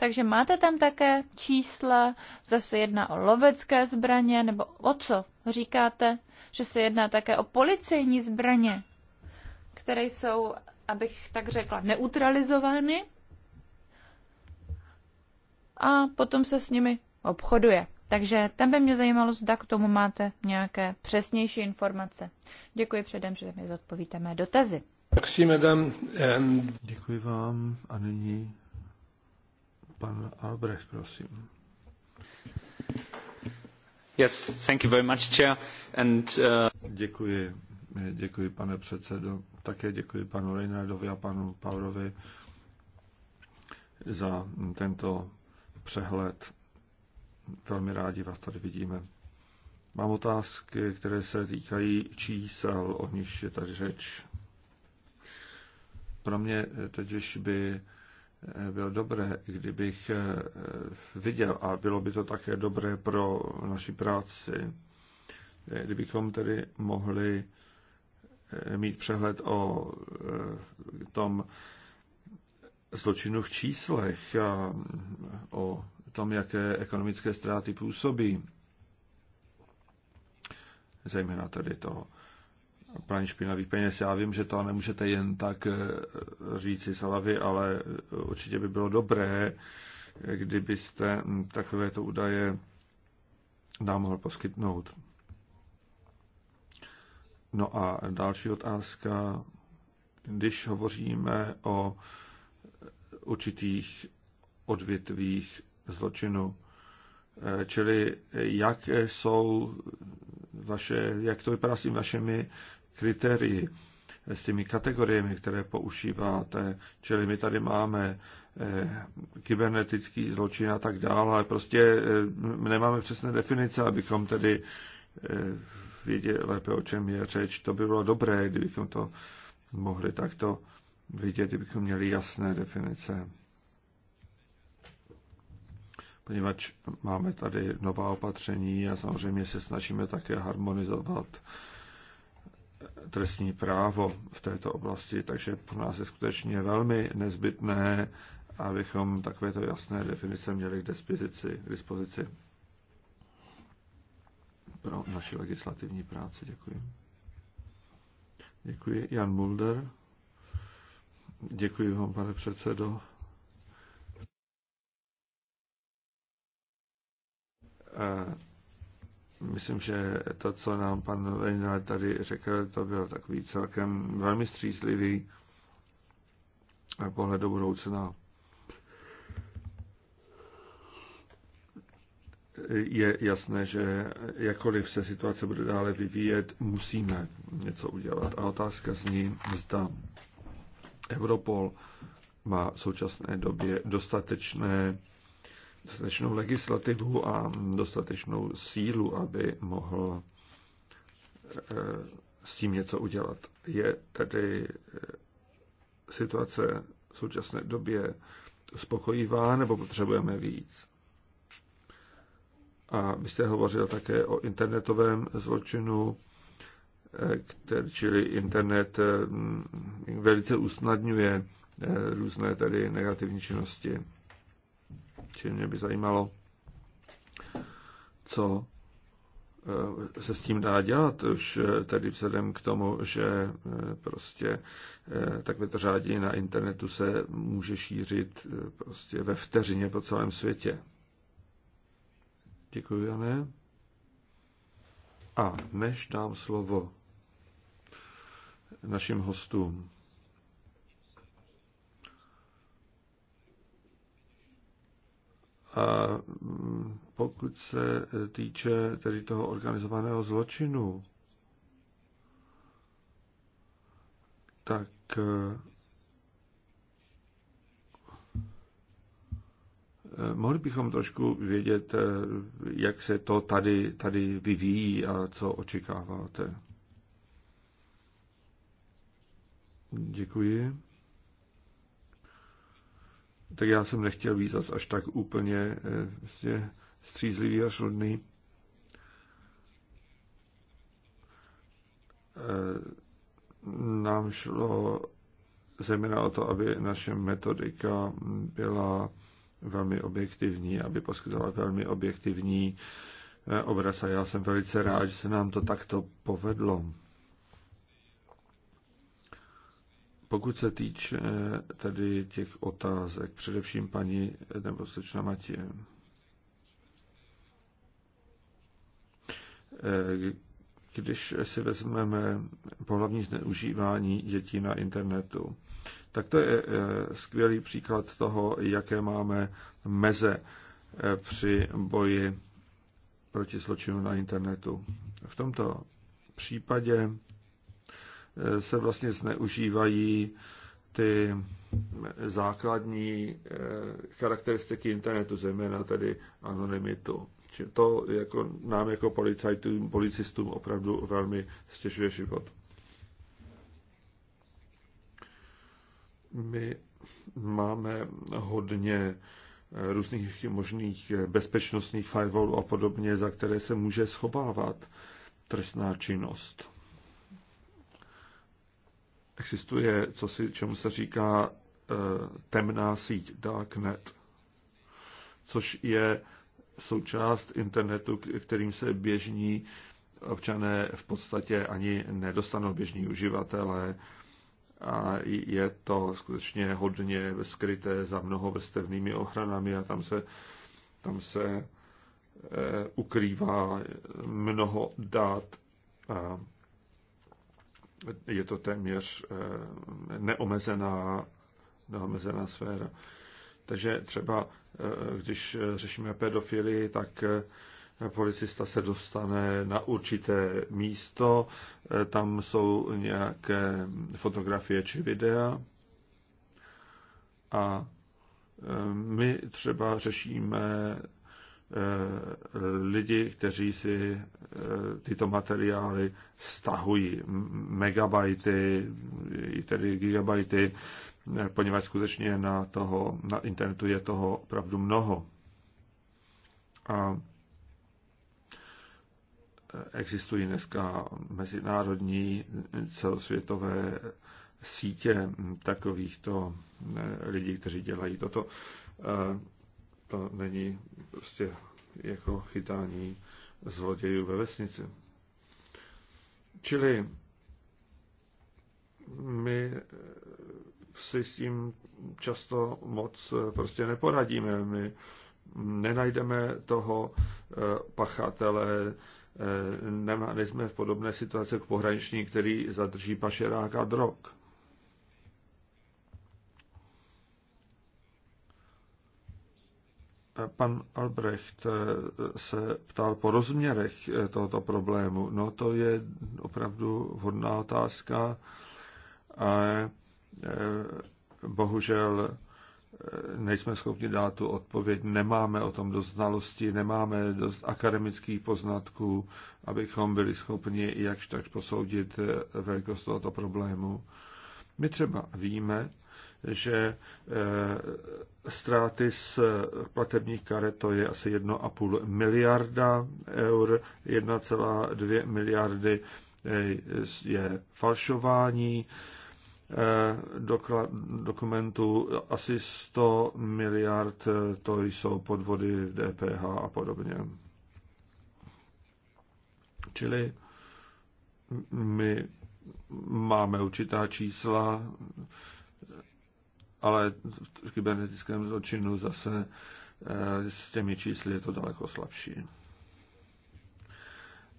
Takže máte tam také čísla, zda se jedná o lovecké zbraně, nebo o co? Říkáte, že se jedná také o policejní zbraně, které jsou, abych tak řekla, neutralizovány a potom se s nimi obchoduje. Takže tam by mě zajímalo, zda k tomu máte nějaké přesnější informace. Děkuji předem, že mi zodpovíte mé dotazy. Děkuji vám a nyní Pan Albrecht, prosím. Yes, thank you very much, Chair. And, uh... Děkuji, děkuji pane předsedo. Také děkuji panu Reynaldovi a panu Paurovi za tento přehled. Velmi rádi vás tady vidíme. Mám otázky, které se týkají čísel, o nich je tady řeč. Pro mě totiž by bylo dobré, kdybych eh, viděl, a bylo by to také dobré pro naši práci, eh, kdybychom tedy mohli eh, mít přehled o tom zločinu v číslech a mm, o tom, jaké ekonomické ztráty působí, zejména tedy to praní špinavých peněz. Já vím, že to nemůžete jen tak eh, říci z hlavy, ale eh, určitě by bylo dobré, kdybyste hm, takovéto údaje nám mohl poskytnout. No a další otázka. Když hovoříme o eh, určitých odvětvích zločinu, čili jak jsou vaše, jak to vypadá s tím vašimi kritérii, s těmi kategoriemi, které používáte. Čili my tady máme eh, kybernetický zločin a tak dále, ale prostě eh, nemáme přesné definice, abychom tedy eh, věděli lépe, o čem je řeč. To by bylo dobré, kdybychom to mohli takto vidět, kdybychom měli jasné definice. Poněvadž máme tady nová opatření a samozřejmě se snažíme také harmonizovat trestní právo v této oblasti, takže pro nás je skutečně velmi nezbytné, abychom takovéto jasné definice měli k dispozici, k dispozici pro naši legislativní práci. Děkuji. Děkuji. Jan Mulder. Děkuji vám, pane předsedo. Uh, myslím, že to, co nám pan Lejna tady řekl, to byl takový celkem velmi střízlivý pohled do budoucna. Je jasné, že jakkoliv se situace bude dále vyvíjet, musíme něco udělat. A otázka zní, zda Europol má v současné době dostatečné dostatečnou legislativu a dostatečnou sílu, aby mohl eh, s tím něco udělat. Je tedy eh, situace v současné době spokojivá nebo potřebujeme víc? A vy jste hovořil také o internetovém zločinu, eh, který, čili internet velice usnadňuje různé tedy negativní činnosti. Čili mě by zajímalo, co eh, se s tím dá dělat, už eh, tedy vzhledem k tomu, že eh, prostě takhle to řádí na internetu se může šířit prostě ve vteřině po celém světě. Děkuji, Jané. A než dám slovo našim hostům, A mm, pokud se týče tedy toho organizovaného zločinu, tak e, mohli bychom trošku vědět, e, jak se to tady, tady vyvíjí a co očekáváte. Děkuji tak já jsem nechtěl být zas až tak úplně eh, vlastně střízlivý a šodný. Eh, nám šlo zejména o to, aby naše metodika byla velmi objektivní, aby poskytovala velmi objektivní eh, obraz a já jsem velice rád, že se nám to takto povedlo. Pokud se týče eh, tedy těch otázek, především paní eh, nebo slečna Matěje, eh, když si vezmeme pohlavní zneužívání dětí na internetu, tak to je skvělý příklad toho, jaké máme meze při boji proti zločinu na internetu. V tomto případě se vlastně zneužívají ty základní eh, charakteristiky internetu, zejména tedy anonymitu. Či to jako, nám jako policajtům, policistům opravdu velmi stěžuje život. My máme hodně eh, různých možných eh, bezpečnostních firewallů a podobně, za které se může schovávat trestná činnost existuje, co si, čemu se říká eh, temná síť Darknet, což je součást internetu, kterým se běžní občané v podstatě ani nedostanou běžní uživatelé a je to skutečně hodně skryté za mnoho vrstevnými ochranami a tam se, tam se e, ukrývá mnoho dát a je to téměř eh, neomezená, neomezená sféra. Takže třeba, eh, když řešíme pedofily, tak eh, policista se dostane na určité místo, tam jsou nějaké fotografie či videa a my třeba řešíme Eh, lidi, kteří si eh, tyto materiály stahují megabajty, tedy gigabajty, eh, poněvadž skutečně na, toho, na internetu je toho opravdu mnoho. A existují dneska mezinárodní celosvětové sítě takovýchto lidí, kteří dělají toto. To není prostě jako chytání zlodějů ve vesnici. Čili my si s tím často moc prostě neporadíme. My nenajdeme toho eh, pachatele, eh, nejsme v podobné situaci k jako pohraniční, který zadrží pašeráka drog. pan Albrecht eh, se ptal po rozměrech eh, tohoto problému. No to je opravdu vhodná otázka, ale eh, bohužel nejsme schopni dát tu odpověď. Nemáme o tom dost znalosti, nemáme dost akademických poznatků, abychom byli schopni jakž tak posoudit velikost tohoto problému. My třeba víme, že eh, ztráty z platebních karet to je asi 1,5 miliarda eur, 1,2 miliardy eh, je falšování eh, dokumentů, asi 100 miliard to jsou podvody v DPH a podobně. Čili my máme určitá čísla, ale v kybernetickém zločinu zase eh, s těmi čísly je to daleko slabší.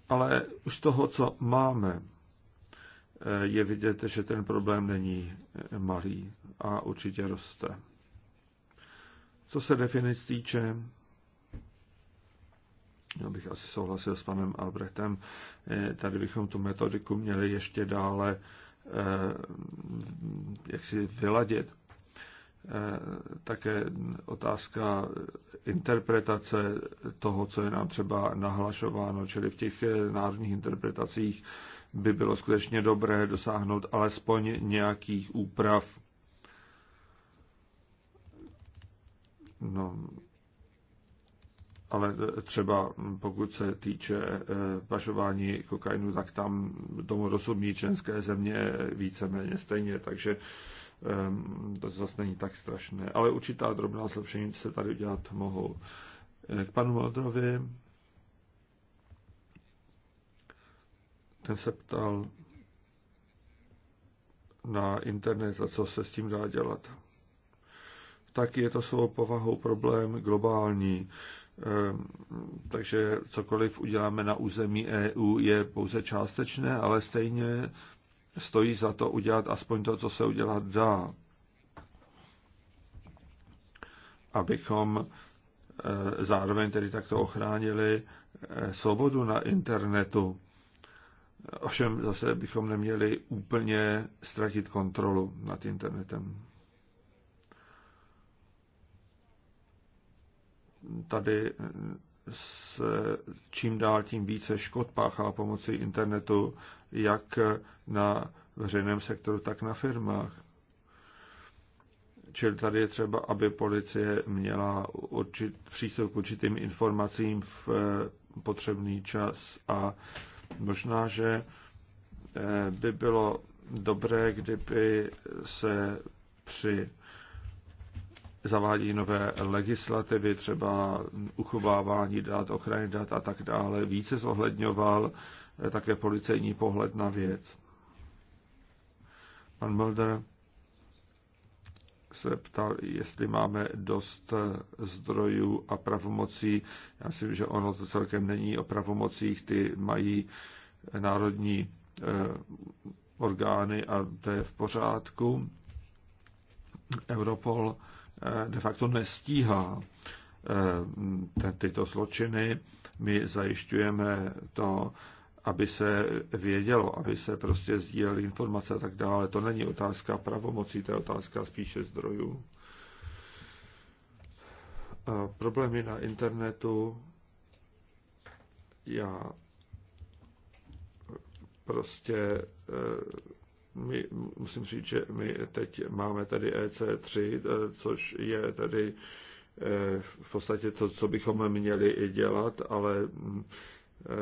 Ale už toho, co máme, eh, je vidět, že ten problém není eh, malý a určitě roste. Co se definic týče, já bych asi souhlasil s panem Albrechtem, tady bychom tu metodiku měli ještě dále jak si vyladit. Eh, také otázka interpretace toho, co je nám třeba nahlašováno, čili v těch eh, národních interpretacích by bylo skutečně dobré dosáhnout alespoň nějakých úprav. No, ale eh, třeba pokud se týče pašování kokainu, tak tam tomu rozumí členské země víceméně stejně, takže Ehm, to zase není tak strašné. Ale určitá drobná zlepšení se tady udělat mohou. Eh, k panu Moldrovi, ten se ptal na internet a co se s tím dá dělat. Tak je to svou povahou problém globální. Ehm, takže cokoliv uděláme na území EU je pouze částečné, ale stejně stojí za to udělat aspoň to, co se udělat dá. Abychom eh, zároveň tedy takto ochránili eh, svobodu na internetu. Ovšem zase bychom neměli úplně ztratit kontrolu nad internetem. Tady s čím dál tím více škod páchá pomocí internetu, jak na veřejném sektoru, tak na firmách. Čili tady je třeba, aby policie měla určit, přístup k určitým informacím v eh, potřebný čas a možná, že eh, by bylo dobré, kdyby se při zavádí nové legislativy, třeba uchovávání dat, ochrany dat a tak dále, více zohledňoval eh, také policejní pohled na věc. Pan Mulder se ptal, jestli máme dost eh, zdrojů a pravomocí. Já si myslím, že ono to celkem není o pravomocích, ty mají eh, národní orgány a to je v pořádku. Europol de facto nestíhá eh, tyto zločiny. My zajišťujeme to, aby se vědělo, aby se prostě sdílely informace a tak dále. To není otázka pravomocí, to je otázka spíše zdrojů. A eh, problémy na internetu já prostě eh, my, musím říct, že my teď máme tady EC3, eh, což je tady eh, v podstatě to, co bychom měli i dělat, ale eh,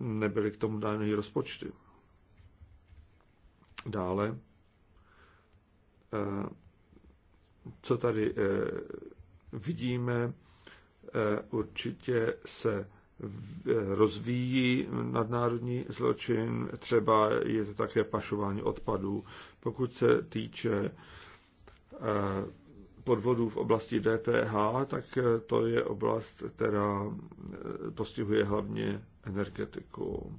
nebyly k tomu dány rozpočty. Dále, co tady vidíme, určitě se rozvíjí nadnárodní zločin, třeba je to také pašování odpadů. Pokud se týče eh, podvodů v oblasti DPH, tak eh, to je oblast, která eh, postihuje hlavně energetiku.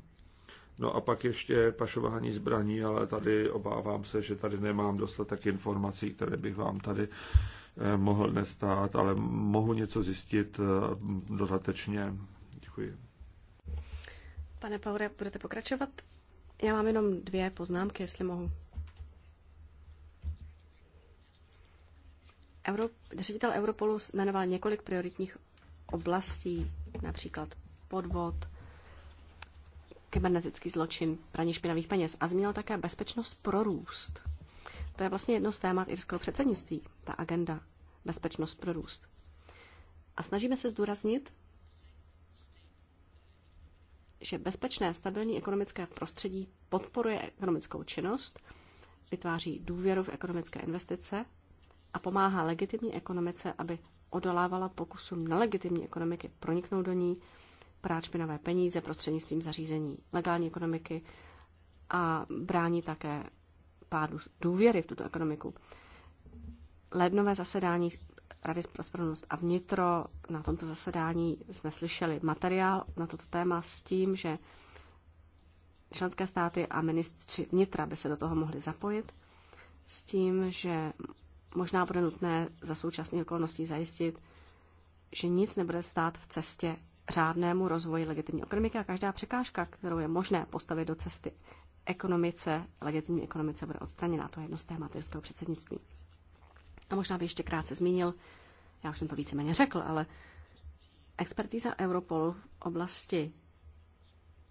No a pak ještě pašování zbraní, ale tady obávám se, že tady nemám dostatek informací, které bych vám tady mohl nestát, ale mohu něco zjistit dodatečně. Děkuji. Pane Paure, budete pokračovat? Já mám jenom dvě poznámky, jestli mohu. Euro, ředitel Europolu jmenoval několik prioritních oblastí, například podvod, kybernetický zločin, praní špinavých peněz a zmínil také bezpečnost pro růst. To je vlastně jedno z témat irského předsednictví, ta agenda bezpečnost pro růst. A snažíme se zdůraznit, že bezpečné stabilní ekonomické prostředí podporuje ekonomickou činnost, vytváří důvěru v ekonomické investice a pomáhá legitimní ekonomice, aby odolávala pokusům nelegitimní ekonomiky proniknout do ní, prát špinavé peníze prostřednictvím zařízení legální ekonomiky a brání také pádu důvěry v tuto ekonomiku. Lednové zasedání Rady pro spravedlnost a vnitro. Na tomto zasedání jsme slyšeli materiál na toto téma s tím, že členské státy a ministři vnitra by se do toho mohli zapojit, s tím, že možná bude nutné za současných okolností zajistit, že nic nebude stát v cestě řádnému rozvoji legitimní ekonomiky a každá překážka, kterou je možné postavit do cesty ekonomice, legitimní ekonomice, bude odstraněna. To je jedno z tématického předsednictví. A možná by ještě krátce zmínil, já už jsem to víceméně řekl, ale expertíza Europolu v oblasti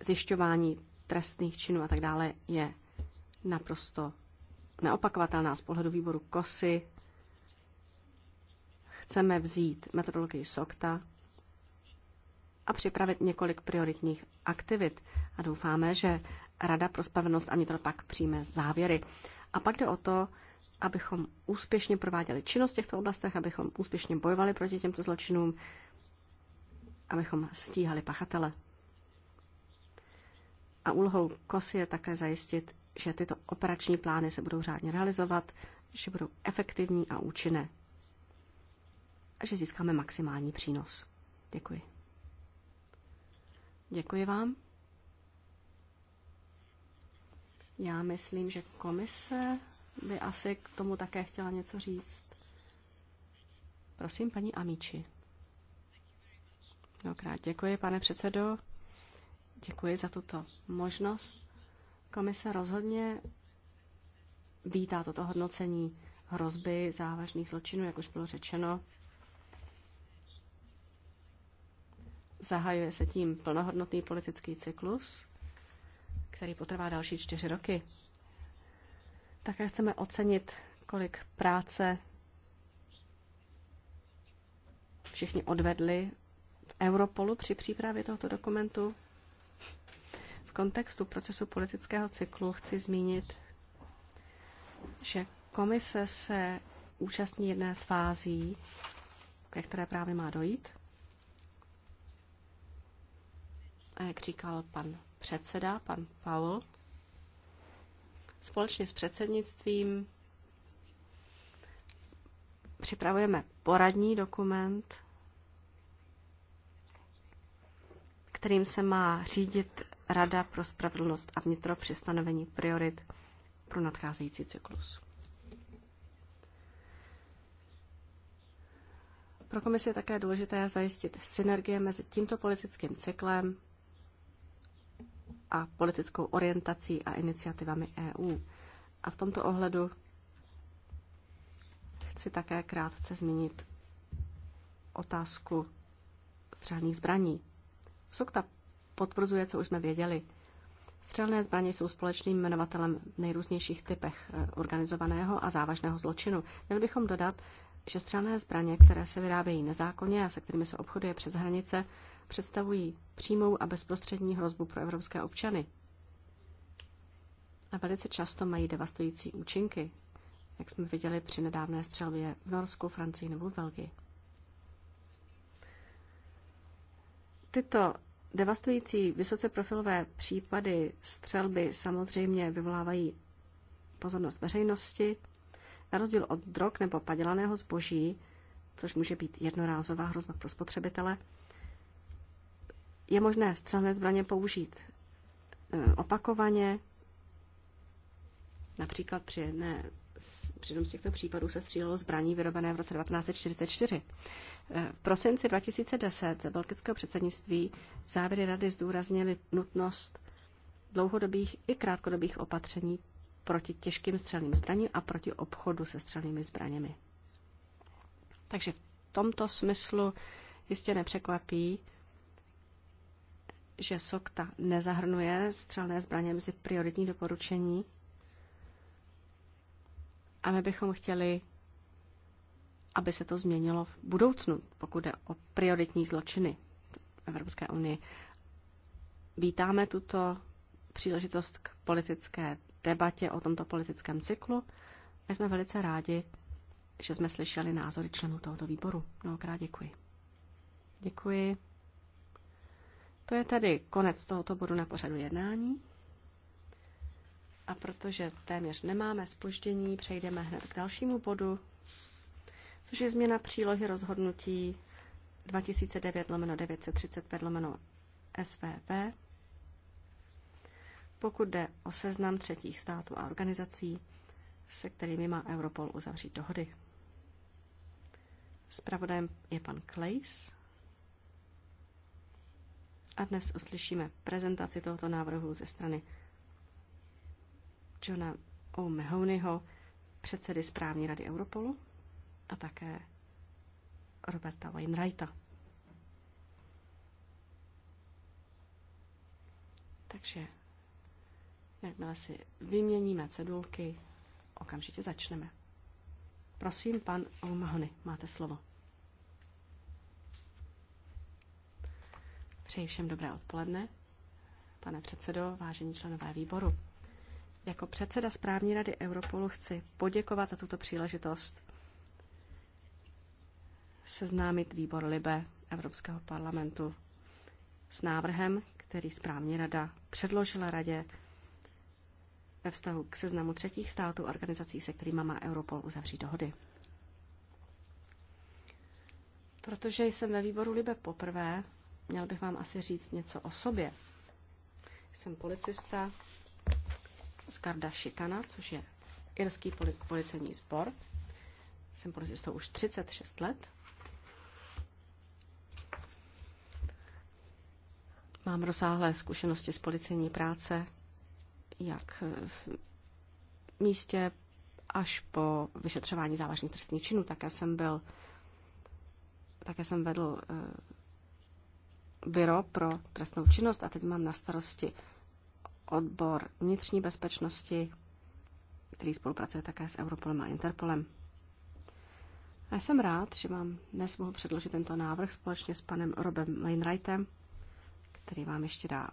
zjišťování trestných činů a tak dále je naprosto neopakovatelná z pohledu výboru KOSY. Chceme vzít metodologii SOKTA a připravit několik prioritních aktivit a doufáme, že Rada pro spravedlnost ani to pak přijme závěry. A pak jde o to, abychom úspěšně prováděli činnost v těchto oblastech, abychom úspěšně bojovali proti těmto zločinům, abychom stíhali pachatele. A úlohou kosi je také zajistit, že tyto operační plány se budou řádně realizovat, že budou efektivní a účinné a že získáme maximální přínos. Děkuji. Děkuji vám. Já myslím, že komise by asi k tomu také chtěla něco říct. Prosím, paní Amíči. Mnohokrát děkuji, pane předsedo. Děkuji za tuto možnost. Komise rozhodně vítá toto hodnocení hrozby závažných zločinů, jak už bylo řečeno. Zahajuje se tím plnohodnotný politický cyklus, který potrvá další čtyři roky. Také chceme ocenit, kolik práce všichni odvedli v Europolu při přípravě tohoto dokumentu. V kontextu procesu politického cyklu chci zmínit, že komise se účastní jedné z fází, ke které právě má dojít. A jak říkal pan předseda, pan Paul, společně s předsednictvím připravujeme poradní dokument, kterým se má řídit Rada pro spravedlnost a vnitro při stanovení priorit pro nadcházející cyklus. Pro komisi je také důležité zajistit synergie mezi tímto politickým cyklem a politickou orientací a iniciativami EU. A v tomto ohledu chci také krátce zmínit otázku střelných zbraní. Sokta potvrzuje, co už jsme věděli. Střelné zbraně jsou společným jmenovatelem v nejrůznějších typech eh, organizovaného a závažného zločinu. Měli bychom dodat, že střelné zbraně, které se vyrábějí nezákonně a se kterými se obchoduje přes hranice, představují přímou a bezprostřední hrozbu pro evropské občany. A velice často mají devastující účinky, jak jsme viděli při nedávné střelbě v Norsku, Francii nebo Belgii. Tyto devastující vysoce profilové případy střelby samozřejmě vyvolávají pozornost veřejnosti, na rozdíl od drog nebo padělaného zboží, což může být jednorázová hrozba pro spotřebitele, je možné střelné zbraně použít eh, opakovaně. Například při, jedné, při jednom z těchto případů se střílelo zbraní vyrobené v roce 1944. Eh, v prosinci 2010 ze belgického předsednictví závěry rady zdůraznili nutnost dlouhodobých i krátkodobých opatření proti těžkým střelným zbraním a proti obchodu se střelnými zbraněmi. Takže v tomto smyslu jistě nepřekvapí, že SOKTA nezahrnuje střelné zbraně mezi prioritní doporučení a my bychom chtěli, aby se to změnilo v budoucnu, pokud jde o prioritní zločiny v Evropské unii. Vítáme tuto příležitost k politické debatě o tomto politickém cyklu My jsme velice rádi, že jsme slyšeli názory členů tohoto výboru. Mnohokrát děkuji. Děkuji. To je tedy konec tohoto bodu na pořadu jednání. A protože téměř nemáme spoždění, přejdeme hned k dalšímu bodu, což je změna přílohy rozhodnutí 2009 lomeno 935 lomeno SVV, pokud jde o seznam třetích států a organizací, se kterými má Europol uzavřít dohody. Spravodajem je pan Klejs. A dnes uslyšíme prezentaci tohoto návrhu ze strany Johna O'Mahonyho, předsedy správní rady Europolu a také Roberta Wainwrighta. Takže jakmile si vyměníme cedulky, okamžitě začneme. Prosím, pan O'Mahony, máte slovo. Přeji všem dobré odpoledne. Pane předsedo, vážení členové výboru. Jako předseda správní rady Europolu chci poděkovat za tuto příležitost seznámit výbor Libe Evropského parlamentu s návrhem, který správní rada předložila radě ve vztahu k seznamu třetích států organizací, se kterými má Europol uzavřít dohody. Protože jsem ve výboru Libe poprvé, Měl bych vám asi říct něco o sobě. Jsem policista z Karda Šikana, což je irský policejní sbor. Jsem policistou už 36 let. Mám rozsáhlé zkušenosti z policejní práce, jak v místě až po vyšetřování závažných trestných činů. Také jsem byl, také jsem vedl eh, Byro pro trestnou činnost a teď mám na starosti odbor vnitřní bezpečnosti, který spolupracuje také s Europolem a Interpolem. A jsem rád, že vám dnes mohu předložit tento návrh společně s panem Robem Lainwrightem, který vám ještě dá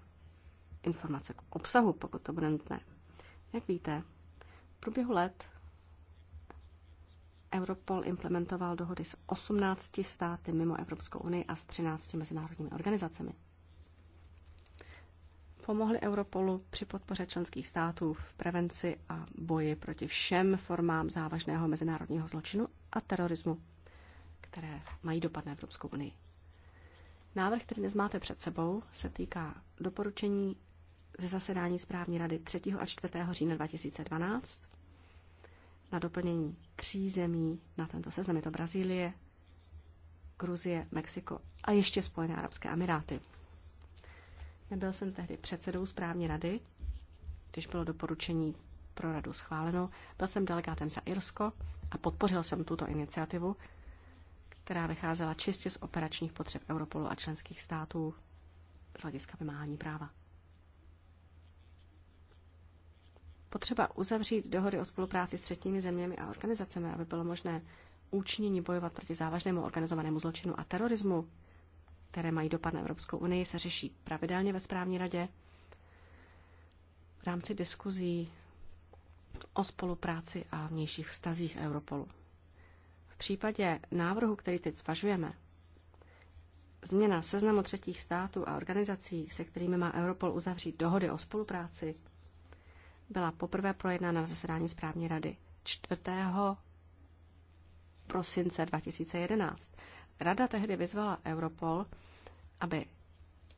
informace k obsahu, pokud to bude nutné. Jak víte, v průběhu let Europol implementoval dohody s 18 státy mimo Evropskou unii a s 13 mezinárodními organizacemi. Pomohli Europolu při podpoře členských států v prevenci a boji proti všem formám závažného mezinárodního zločinu a terorismu, které mají dopad na Evropskou unii. Návrh, který dnes máte před sebou, se týká doporučení ze zasedání správní rady 3. a 4. října 2012 na doplnění tří zemí na tento seznam. Je to Brazílie, Gruzie, Mexiko a ještě Spojené arabské emiráty. Nebyl jsem tehdy předsedou správní rady, když bylo doporučení pro radu schváleno. Byl jsem delegátem za Irsko a podpořil jsem tuto iniciativu, která vycházela čistě z operačních potřeb Europolu a členských států z hlediska vymáhání práva. potřeba uzavřít dohody o spolupráci s třetími zeměmi a organizacemi, aby bylo možné účinnění bojovat proti závažnému organizovanému zločinu a terorismu, které mají dopad na Evropskou unii, se řeší pravidelně ve správní radě v rámci diskuzí o spolupráci a vnějších vztazích Europolu. V případě návrhu, který teď zvažujeme, změna seznamu třetích států a organizací, se kterými má Europol uzavřít dohody o spolupráci, byla poprvé projednána na zasedání správní rady 4. prosince 2011. Rada tehdy vyzvala Europol, aby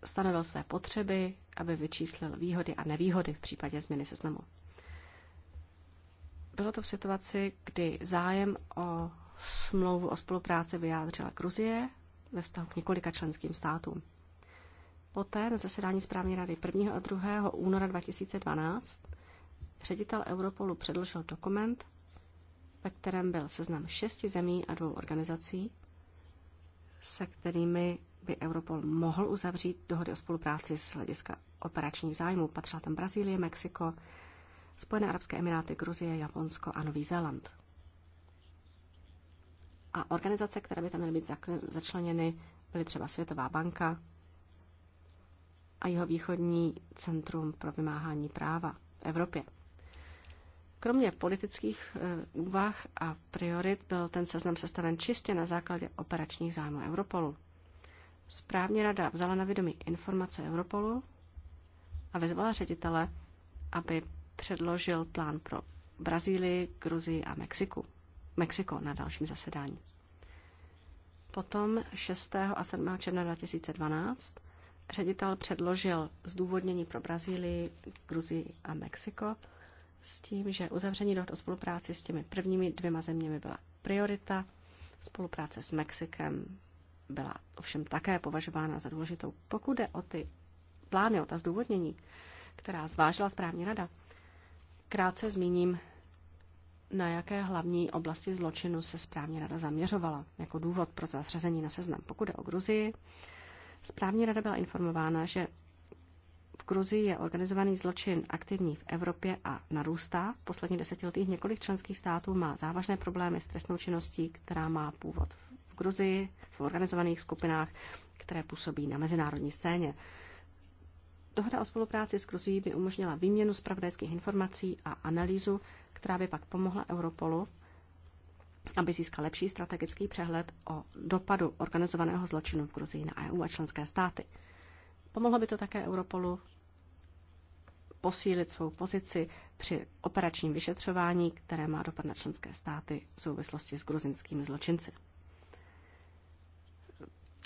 stanovil své potřeby, aby vyčíslil výhody a nevýhody v případě změny seznamu. Bylo to v situaci, kdy zájem o smlouvu o spolupráci vyjádřila Gruzie ve vztahu k několika členským státům. Poté na zasedání správní rady 1. a 2. února 2012 ředitel Europolu předložil dokument, ve kterém byl seznam šesti zemí a dvou organizací, se kterými by Europol mohl uzavřít dohody o spolupráci z hlediska operačních zájmů. Patřila tam Brazílie, Mexiko, Spojené arabské emiráty, Gruzie, Japonsko a Nový Zéland. A organizace, které by tam měly být začleněny, byly třeba Světová banka a jeho východní centrum pro vymáhání práva v Evropě. Kromě politických eh, úvah a priorit byl ten seznam sestaven čistě na základě operačních zájmů Europolu. Správně rada vzala na vědomí informace Europolu a vyzvala ředitele, aby předložil plán pro Brazílii, Gruzii a Mexiku. Mexiko na dalším zasedání. Potom 6. a 7. června 2012 ředitel předložil zdůvodnění pro Brazílii, Gruzii a Mexiko s tím, že uzavření dohod o spolupráci s těmi prvními dvěma zeměmi byla priorita. Spolupráce s Mexikem byla ovšem také považována za důležitou. Pokud jde o ty plány, o ta zdůvodnění, která zvážila správní rada, krátce zmíním, na jaké hlavní oblasti zločinu se správní rada zaměřovala jako důvod pro zařazení na seznam. Pokud jde o Gruzii, správní rada byla informována, že v Gruzii je organizovaný zločin aktivní v Evropě a narůstá. V posledních desetiletích několik členských států má závažné problémy s trestnou činností, která má původ v Gruzii, v organizovaných skupinách, které působí na mezinárodní scéně. Dohoda o spolupráci s Gruzií by umožnila výměnu zpravodajských informací a analýzu, která by pak pomohla Europolu, aby získal lepší strategický přehled o dopadu organizovaného zločinu v Gruzii na EU a členské státy. Pomohlo by to také Europolu posílit svou pozici při operačním vyšetřování, které má dopad na členské státy v souvislosti s gruzinskými zločinci.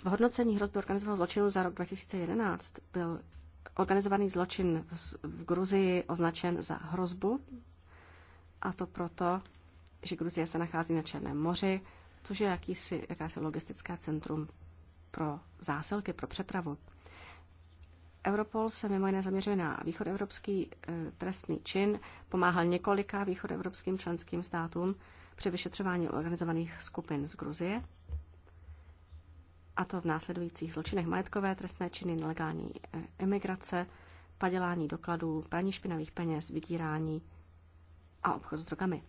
V hodnocení hrozby organizovaného zločinu za rok 2011 byl organizovaný zločin v Gruzii označen za hrozbu, a to proto, že Gruzie se nachází na Černém moři, což je jakýsi, jakási logistické centrum pro zásilky, pro přepravu. Europol se mimo jiné zaměřuje na východevropský e, trestný čin, pomáhal několika východevropským členským státům při vyšetřování organizovaných skupin z Gruzie, a to v následujících zločinech majetkové, trestné činy, nelegální emigrace, padělání dokladů, praní špinavých peněz, vydírání a obchod s drogami.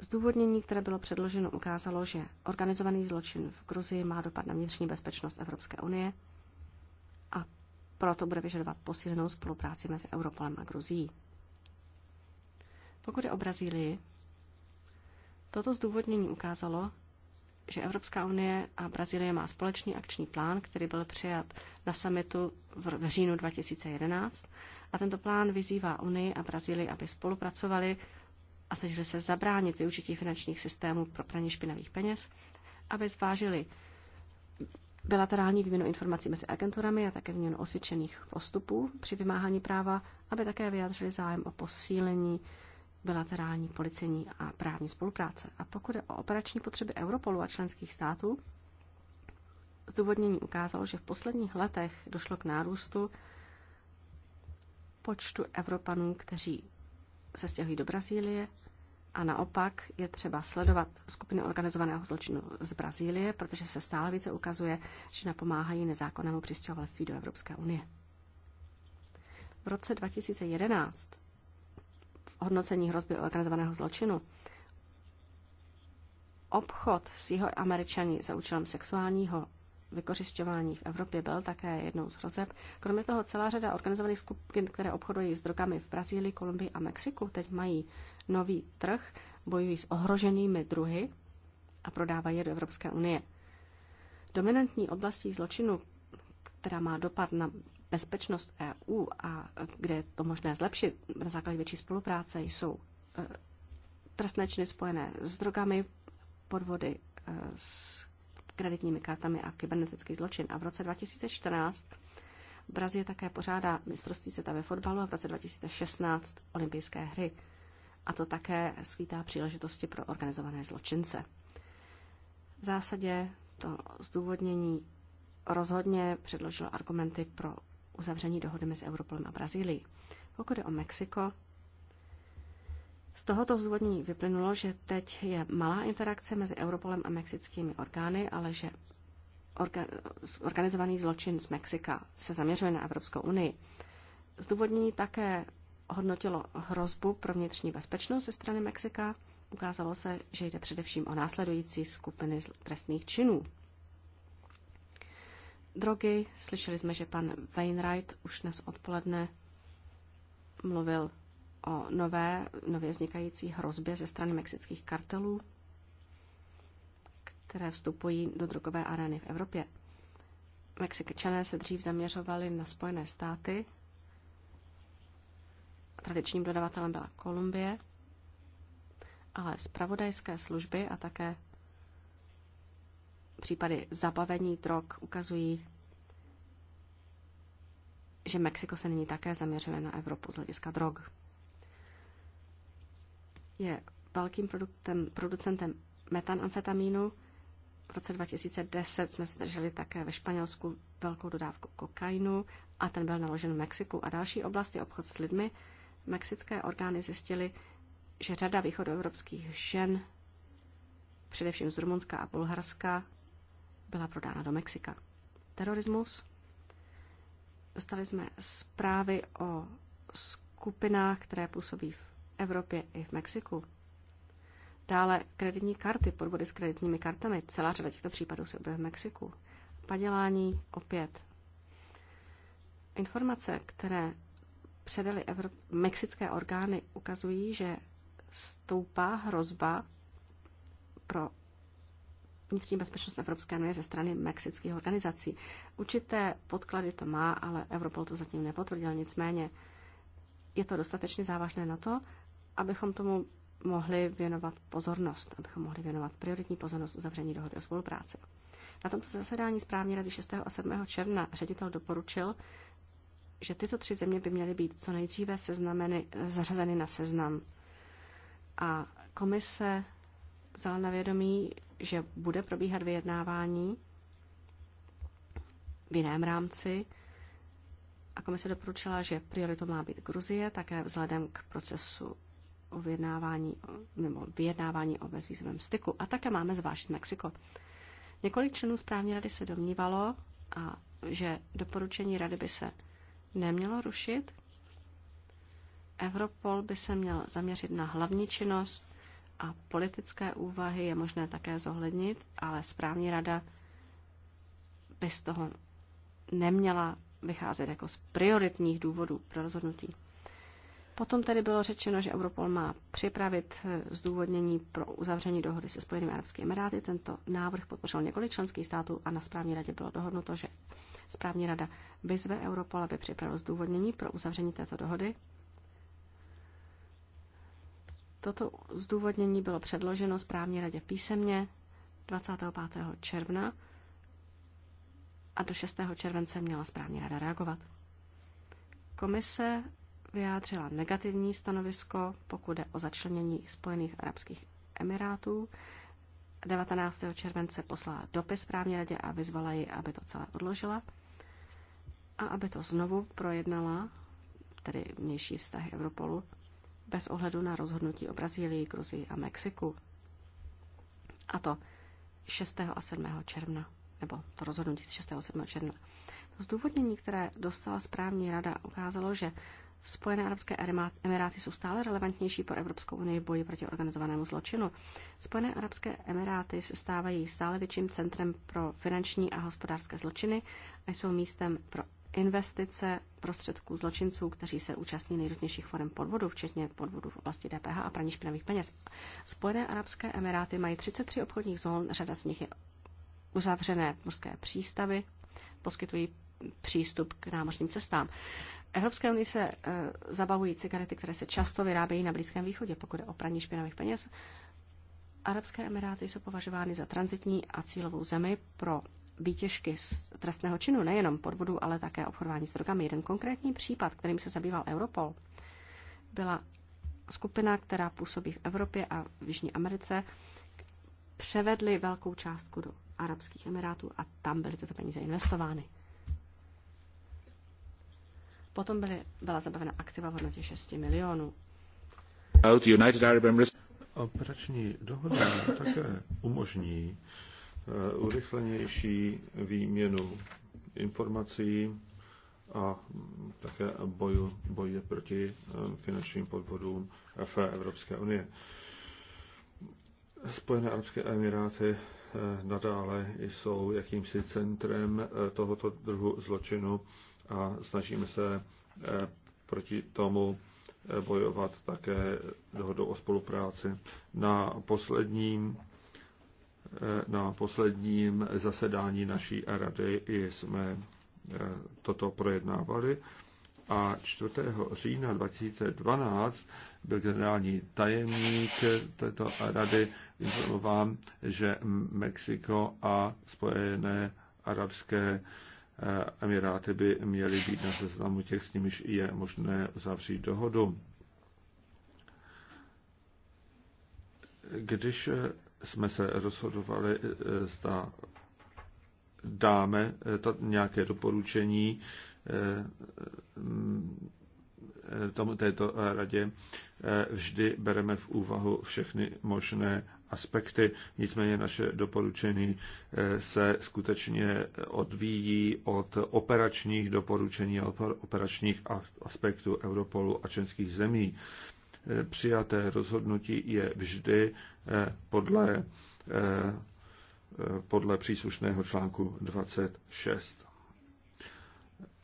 Zdůvodnění, které bylo předloženo, ukázalo, že organizovaný zločin v Gruzii má dopad na vnitřní bezpečnost Evropské unie, proto bude vyžadovat posílenou spolupráci mezi Europolem a Gruzií. Pokud je o Brazílii, toto zdůvodnění ukázalo, že Evropská unie a Brazílie má společný akční plán, který byl přijat na summitu v, v říjnu 2011. A tento plán vyzývá Unii a Brazílii, aby spolupracovali a snažili se zabránit využití finančních systémů pro praní špinavých peněz, aby zvážili, bilaterální výměnu informací mezi agenturami a také výměnu osvědčených postupů při vymáhání práva, aby také vyjádřili zájem o posílení bilaterální policejní a právní spolupráce. A pokud je o operační potřeby Europolu a členských států, zdůvodnění ukázalo, že v posledních letech došlo k nárůstu počtu Evropanů, kteří se stěhují do Brazílie a naopak je třeba sledovat skupiny organizovaného zločinu z Brazílie, protože se stále více ukazuje, že napomáhají nezákonnému přistěhovalství do Evropské unie. V roce 2011 v hodnocení hrozby organizovaného zločinu obchod s jeho američany za účelem sexuálního vykořišťování v Evropě byl také jednou z hrozeb. Kromě toho celá řada organizovaných skupin, které obchodují s drogami v Brazílii, Kolumbii a Mexiku, teď mají nový trh, bojují s ohroženými druhy a prodávají je do Evropské unie. Dominantní oblastí zločinu, která má dopad na bezpečnost EU a kde je to možné zlepšit na základě větší spolupráce, jsou eh, trestné činy spojené s drogami, podvody eh, s kreditními kartami a kybernetický zločin. A v roce 2014 Brazílie také pořádá mistrovství světa ve fotbalu a v roce 2016 olympijské hry a to také skýtá příležitosti pro organizované zločince. V zásadě to zdůvodnění rozhodně předložilo argumenty pro uzavření dohody mezi Europolem a Brazílií. Pokud je o Mexiko, z tohoto zdůvodnění vyplynulo, že teď je malá interakce mezi Europolem a mexickými orgány, ale že orga, organizovaný zločin z Mexika se zaměřuje na Evropskou unii. Zdůvodnění také hodnotilo hrozbu pro vnitřní bezpečnost ze strany Mexika, ukázalo se, že jde především o následující skupiny trestných činů. Drogy, slyšeli jsme, že pan Wainwright už dnes odpoledne mluvil o nové, nově vznikající hrozbě ze strany mexických kartelů, které vstupují do drogové arény v Evropě. Mexičané se dřív zaměřovali na Spojené státy, Tradičním dodavatelem byla Kolumbie, ale zpravodajské služby a také případy zabavení drog ukazují, že Mexiko se nyní také zaměřuje na Evropu z hlediska drog. Je velkým produktem, producentem metanamfetamínu. V roce 2010 jsme zdrželi také ve Španělsku velkou dodávku kokainu a ten byl naložen v Mexiku. A další oblasti obchod s lidmi, Mexické orgány zjistily, že řada východoevropských žen, především z Rumunska a Bulharska, byla prodána do Mexika. Terorismus. Dostali jsme zprávy o skupinách, které působí v Evropě i v Mexiku. Dále kreditní karty, podvody s kreditními kartami. Celá řada těchto případů se objevuje v Mexiku. Padělání opět. Informace, které předali Evro- mexické orgány, ukazují, že stoupá hrozba pro vnitřní bezpečnost Evropské unie ze strany mexických organizací. Určité podklady to má, ale Europol to zatím nepotvrdil. Nicméně je to dostatečně závažné na to, abychom tomu mohli věnovat pozornost, abychom mohli věnovat prioritní pozornost uzavření dohody o spolupráci. Na tomto zasedání správní rady 6. a 7. června ředitel doporučil, že tyto tři země by měly být co nejdříve seznameny, zařazeny na seznam. A komise vzala na vědomí, že bude probíhat vyjednávání v jiném rámci a komise doporučila, že prioritou má být Gruzie, také vzhledem k procesu o vyjednávání, nebo vyjednávání o bezvýzovém styku. A také máme zvážit Mexiko. Několik členů správní rady se domnívalo, a že doporučení rady by se nemělo rušit. Europol by se měl zaměřit na hlavní činnost a politické úvahy je možné také zohlednit, ale správní rada by z toho neměla vycházet jako z prioritních důvodů pro rozhodnutí. Potom tedy bylo řečeno, že Europol má připravit eh, zdůvodnění pro uzavření dohody se Spojenými arabskými emiráty. Tento návrh podpořil několik členských států a na správní radě bylo dohodnuto, že Správní rada vyzve Europol, aby připravil zdůvodnění pro uzavření této dohody. Toto zdůvodnění bylo předloženo správní radě písemně 25. června a do 6. července měla správní rada reagovat. Komise vyjádřila negativní stanovisko, pokud jde o začlenění Spojených Arabských Emirátů. 19. července poslala dopis správní radě a vyzvala ji, aby to celé odložila a aby to znovu projednala, tedy vnější vztahy Europolu, bez ohledu na rozhodnutí o Brazílii, Gruzii a Mexiku. A to 6. a 7. června, nebo to rozhodnutí z 6. a 7. června. To zdůvodnění, které dostala správní rada, ukázalo, že Spojené arabské emiráty jsou stále relevantnější pro Evropskou unii v boji proti organizovanému zločinu. Spojené arabské emiráty se stávají stále větším centrem pro finanční a hospodářské zločiny a jsou místem pro investice prostředků zločinců, kteří se účastní nejrůznějších forem podvodu, včetně podvodu v oblasti DPH a praní špinavých peněz. Spojené arabské emiráty mají 33 obchodních zón, řada z nich je uzavřené morské přístavy, poskytují přístup k námořním cestám. Evropské unii se e, zabavují cigarety, které se často vyrábějí na Blízkém východě, pokud je o praní špinavých peněz. Arabské Emiráty jsou považovány za transitní a cílovou zemi pro výtěžky z trestného činu, nejenom podvodu, ale také obchodování s drogami. Jeden konkrétní případ, kterým se zabýval Europol, byla skupina, která působí v Evropě a v Jižní Americe, převedli velkou částku do Arabských Emirátů a tam byly tyto peníze investovány. Potom byly, byla zabavena aktiva v hodnotě 6 milionů. Operační dohoda také umožní Eh, urychlenější výměnu informací a také boju, boje proti eh, finančním podvodům v Evropské unie. Spojené arabské emiráty eh, nadále jsou jakýmsi centrem tohoto druhu zločinu a snažíme se proti tomu bojovat také dohodou o spolupráci. Na posledním Eh, na posledním zasedání naší rady jsme eh, toto projednávali a 4. října 2012 byl generální tajemník této rady informován, že Mexiko a Spojené arabské eh, Emiráty by měly být na seznamu těch, s nimiž je možné zavřít dohodu. Když jsme se rozhodovali, e, e, zda dáme e, nějaké doporučení tomu, této radě vždy bereme v úvahu všechny možné aspekty, nicméně naše doporučení se skutečně odvíjí od operačních doporučení, od operačních aspektů Europolu a českých zemí přijaté rozhodnutí je vždy eh, podle, eh, podle příslušného článku 26.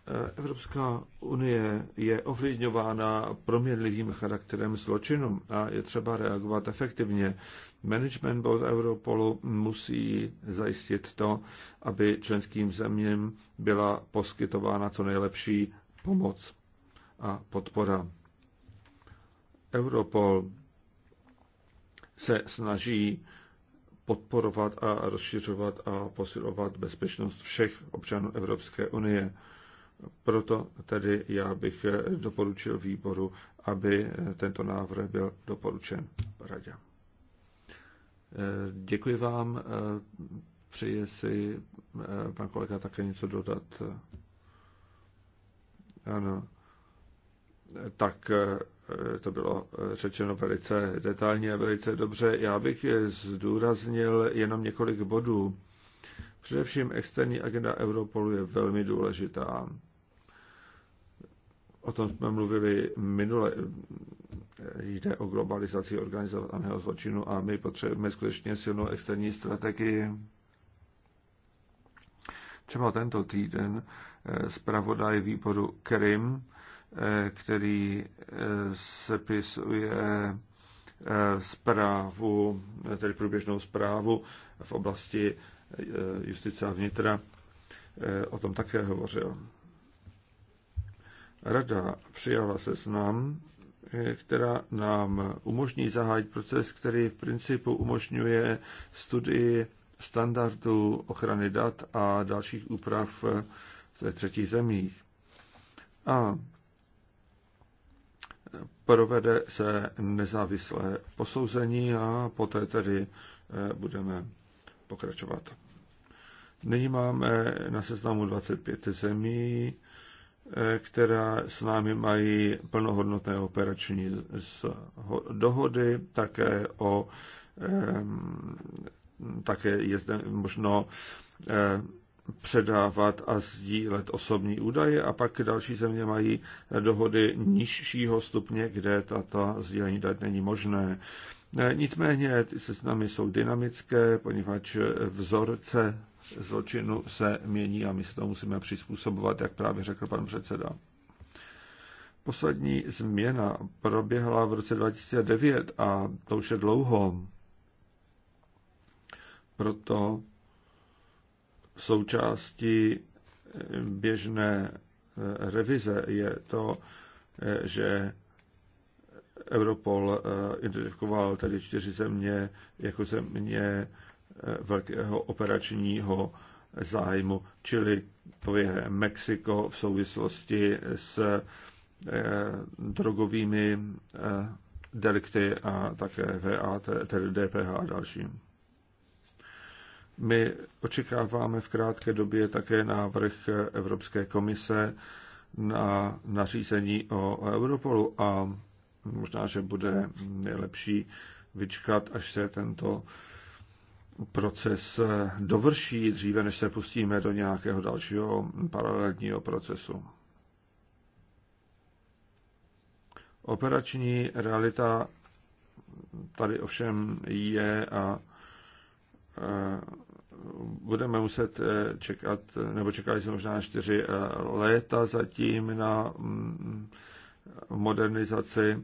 Eh, Evropská unie je ovlivňována proměnlivým charakterem zločinu a je třeba reagovat efektivně. Management board Europolu musí zajistit to, aby členským zeměm byla poskytována co nejlepší pomoc a podpora. Europol se snaží podporovat a rozšiřovat a posilovat bezpečnost všech občanů Evropské unie. Proto tedy já bych doporučil výboru, aby tento návrh byl doporučen radě. Děkuji vám. Přeje si pan kolega také něco dodat? Ano. Tak Eh, to bylo eh, řečeno velice detailně a velice dobře. Já bych je zdůraznil jenom několik bodů. Především externí agenda Europolu je velmi důležitá. O tom jsme mluvili minule. Jde o globalizaci organizovaného zločinu a my potřebujeme skutečně silnou externí strategii. Třeba tento týden eh, zpravodaj výboru Krim který eh, sepisuje eh, zprávu, tedy průběžnou zprávu v oblasti eh, justice a vnitra. O tom také hovořil. Rada přijala se s nám, která nám umožní zahájit proces, který v principu umožňuje studii standardů ochrany dat a dalších úprav v třetích zemích. A provede se nezávislé posouzení a poté tedy eh, budeme pokračovat. Nyní máme na seznamu 25 zemí, eh, která s námi mají plnohodnotné operační dohody, také o eh, také je zde možno předávat a sdílet osobní údaje a pak další země mají dohody nižšího stupně, kde tato sdílení dat není možné. Nicméně ty seznamy jsou dynamické, poněvadž vzorce zločinu se mění a my se to musíme přizpůsobovat, jak právě řekl pan předseda. Poslední změna proběhla v roce 2009 a to už je dlouho. Proto součástí běžné eh, revize je to, eh, že Europol eh, identifikoval tedy čtyři země jako země velkého operačního zájmu, čili to je Mexiko v souvislosti s drogovými delikty a také VAT, tedy DPH a dalším. My očekáváme v krátké době také návrh Evropské komise na nařízení o Europolu a možná, že bude nejlepší vyčkat, až se tento proces dovrší dříve, než se pustíme do nějakého dalšího paralelního procesu. Operační realita tady ovšem je a eh, budeme muset eh, čekat, nebo čekali jsme možná čtyři eh, léta zatím na mm, modernizaci.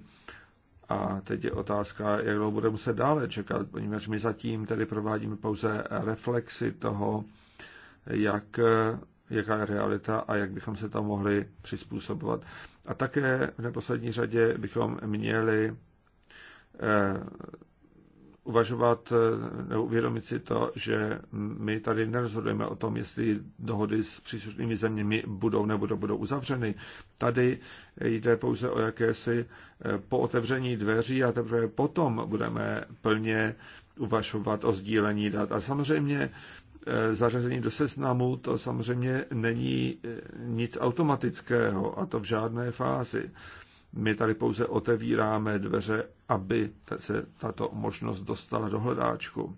A teď je otázka, jak dlouho budeme muset dále čekat, poněvadž my zatím tedy provádíme pouze reflexy toho, jak, eh, jaká je realita a jak bychom se tam mohli přizpůsobovat. A také v neposlední řadě bychom měli uvažovat eh, nebo uvědomit si to, že my tady nerozhodujeme o tom, jestli dohody s příslušnými zeměmi budou nebo budou uzavřeny. Tady jde pouze o jakési eh, po otevření dveří a teprve potom budeme plně uvažovat o sdílení dat. A samozřejmě eh, zařazení do seznamu to samozřejmě není nic automatického a to v žádné fázi. My tady pouze otevíráme dveře, aby se tato možnost dostala do hledáčku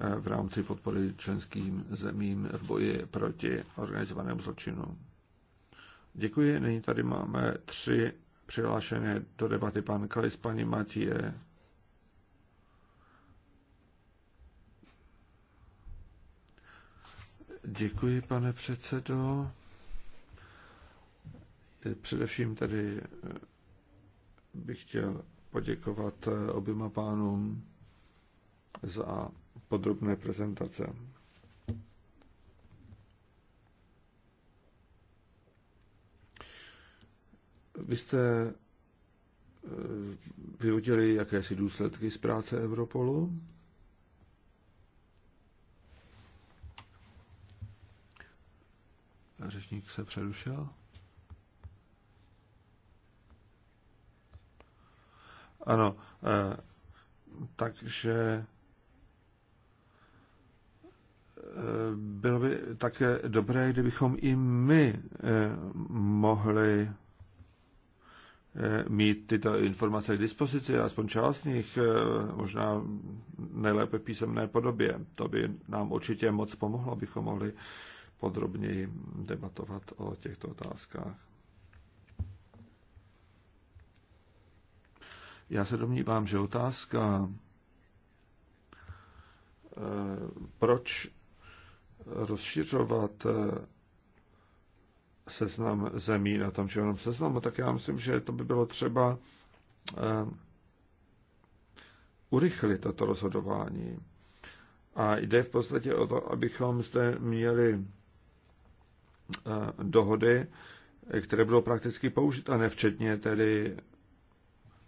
e, v rámci podpory členským zemím v boji proti organizovanému zločinu. Děkuji. Nyní tady máme tři přihlášené do debaty. Pan Kalis, paní Matěje. Děkuji, pane předsedo. Především tedy eh, bych chtěl poděkovat eh, oběma pánům za podrobné prezentace. Vy jste eh, vyvodili jakési důsledky z práce Europolu? Řečník se přerušil. Ano, eh, takže eh, bylo by také dobré, kdybychom i my eh, mohli mít tyto informace k dispozici, aspoň část z nich, možná nejlépe v písemné podobě. To by nám určitě moc pomohlo, abychom mohli podrobněji debatovat o těchto otázkách. Já se domnívám, že otázka, e, proč rozšiřovat e, seznam zemí na tom červeném seznamu, tak já myslím, že to by bylo třeba e, urychlit toto rozhodování. A jde v podstatě o to, abychom zde měli dohody, které budou prakticky použitelné, včetně tedy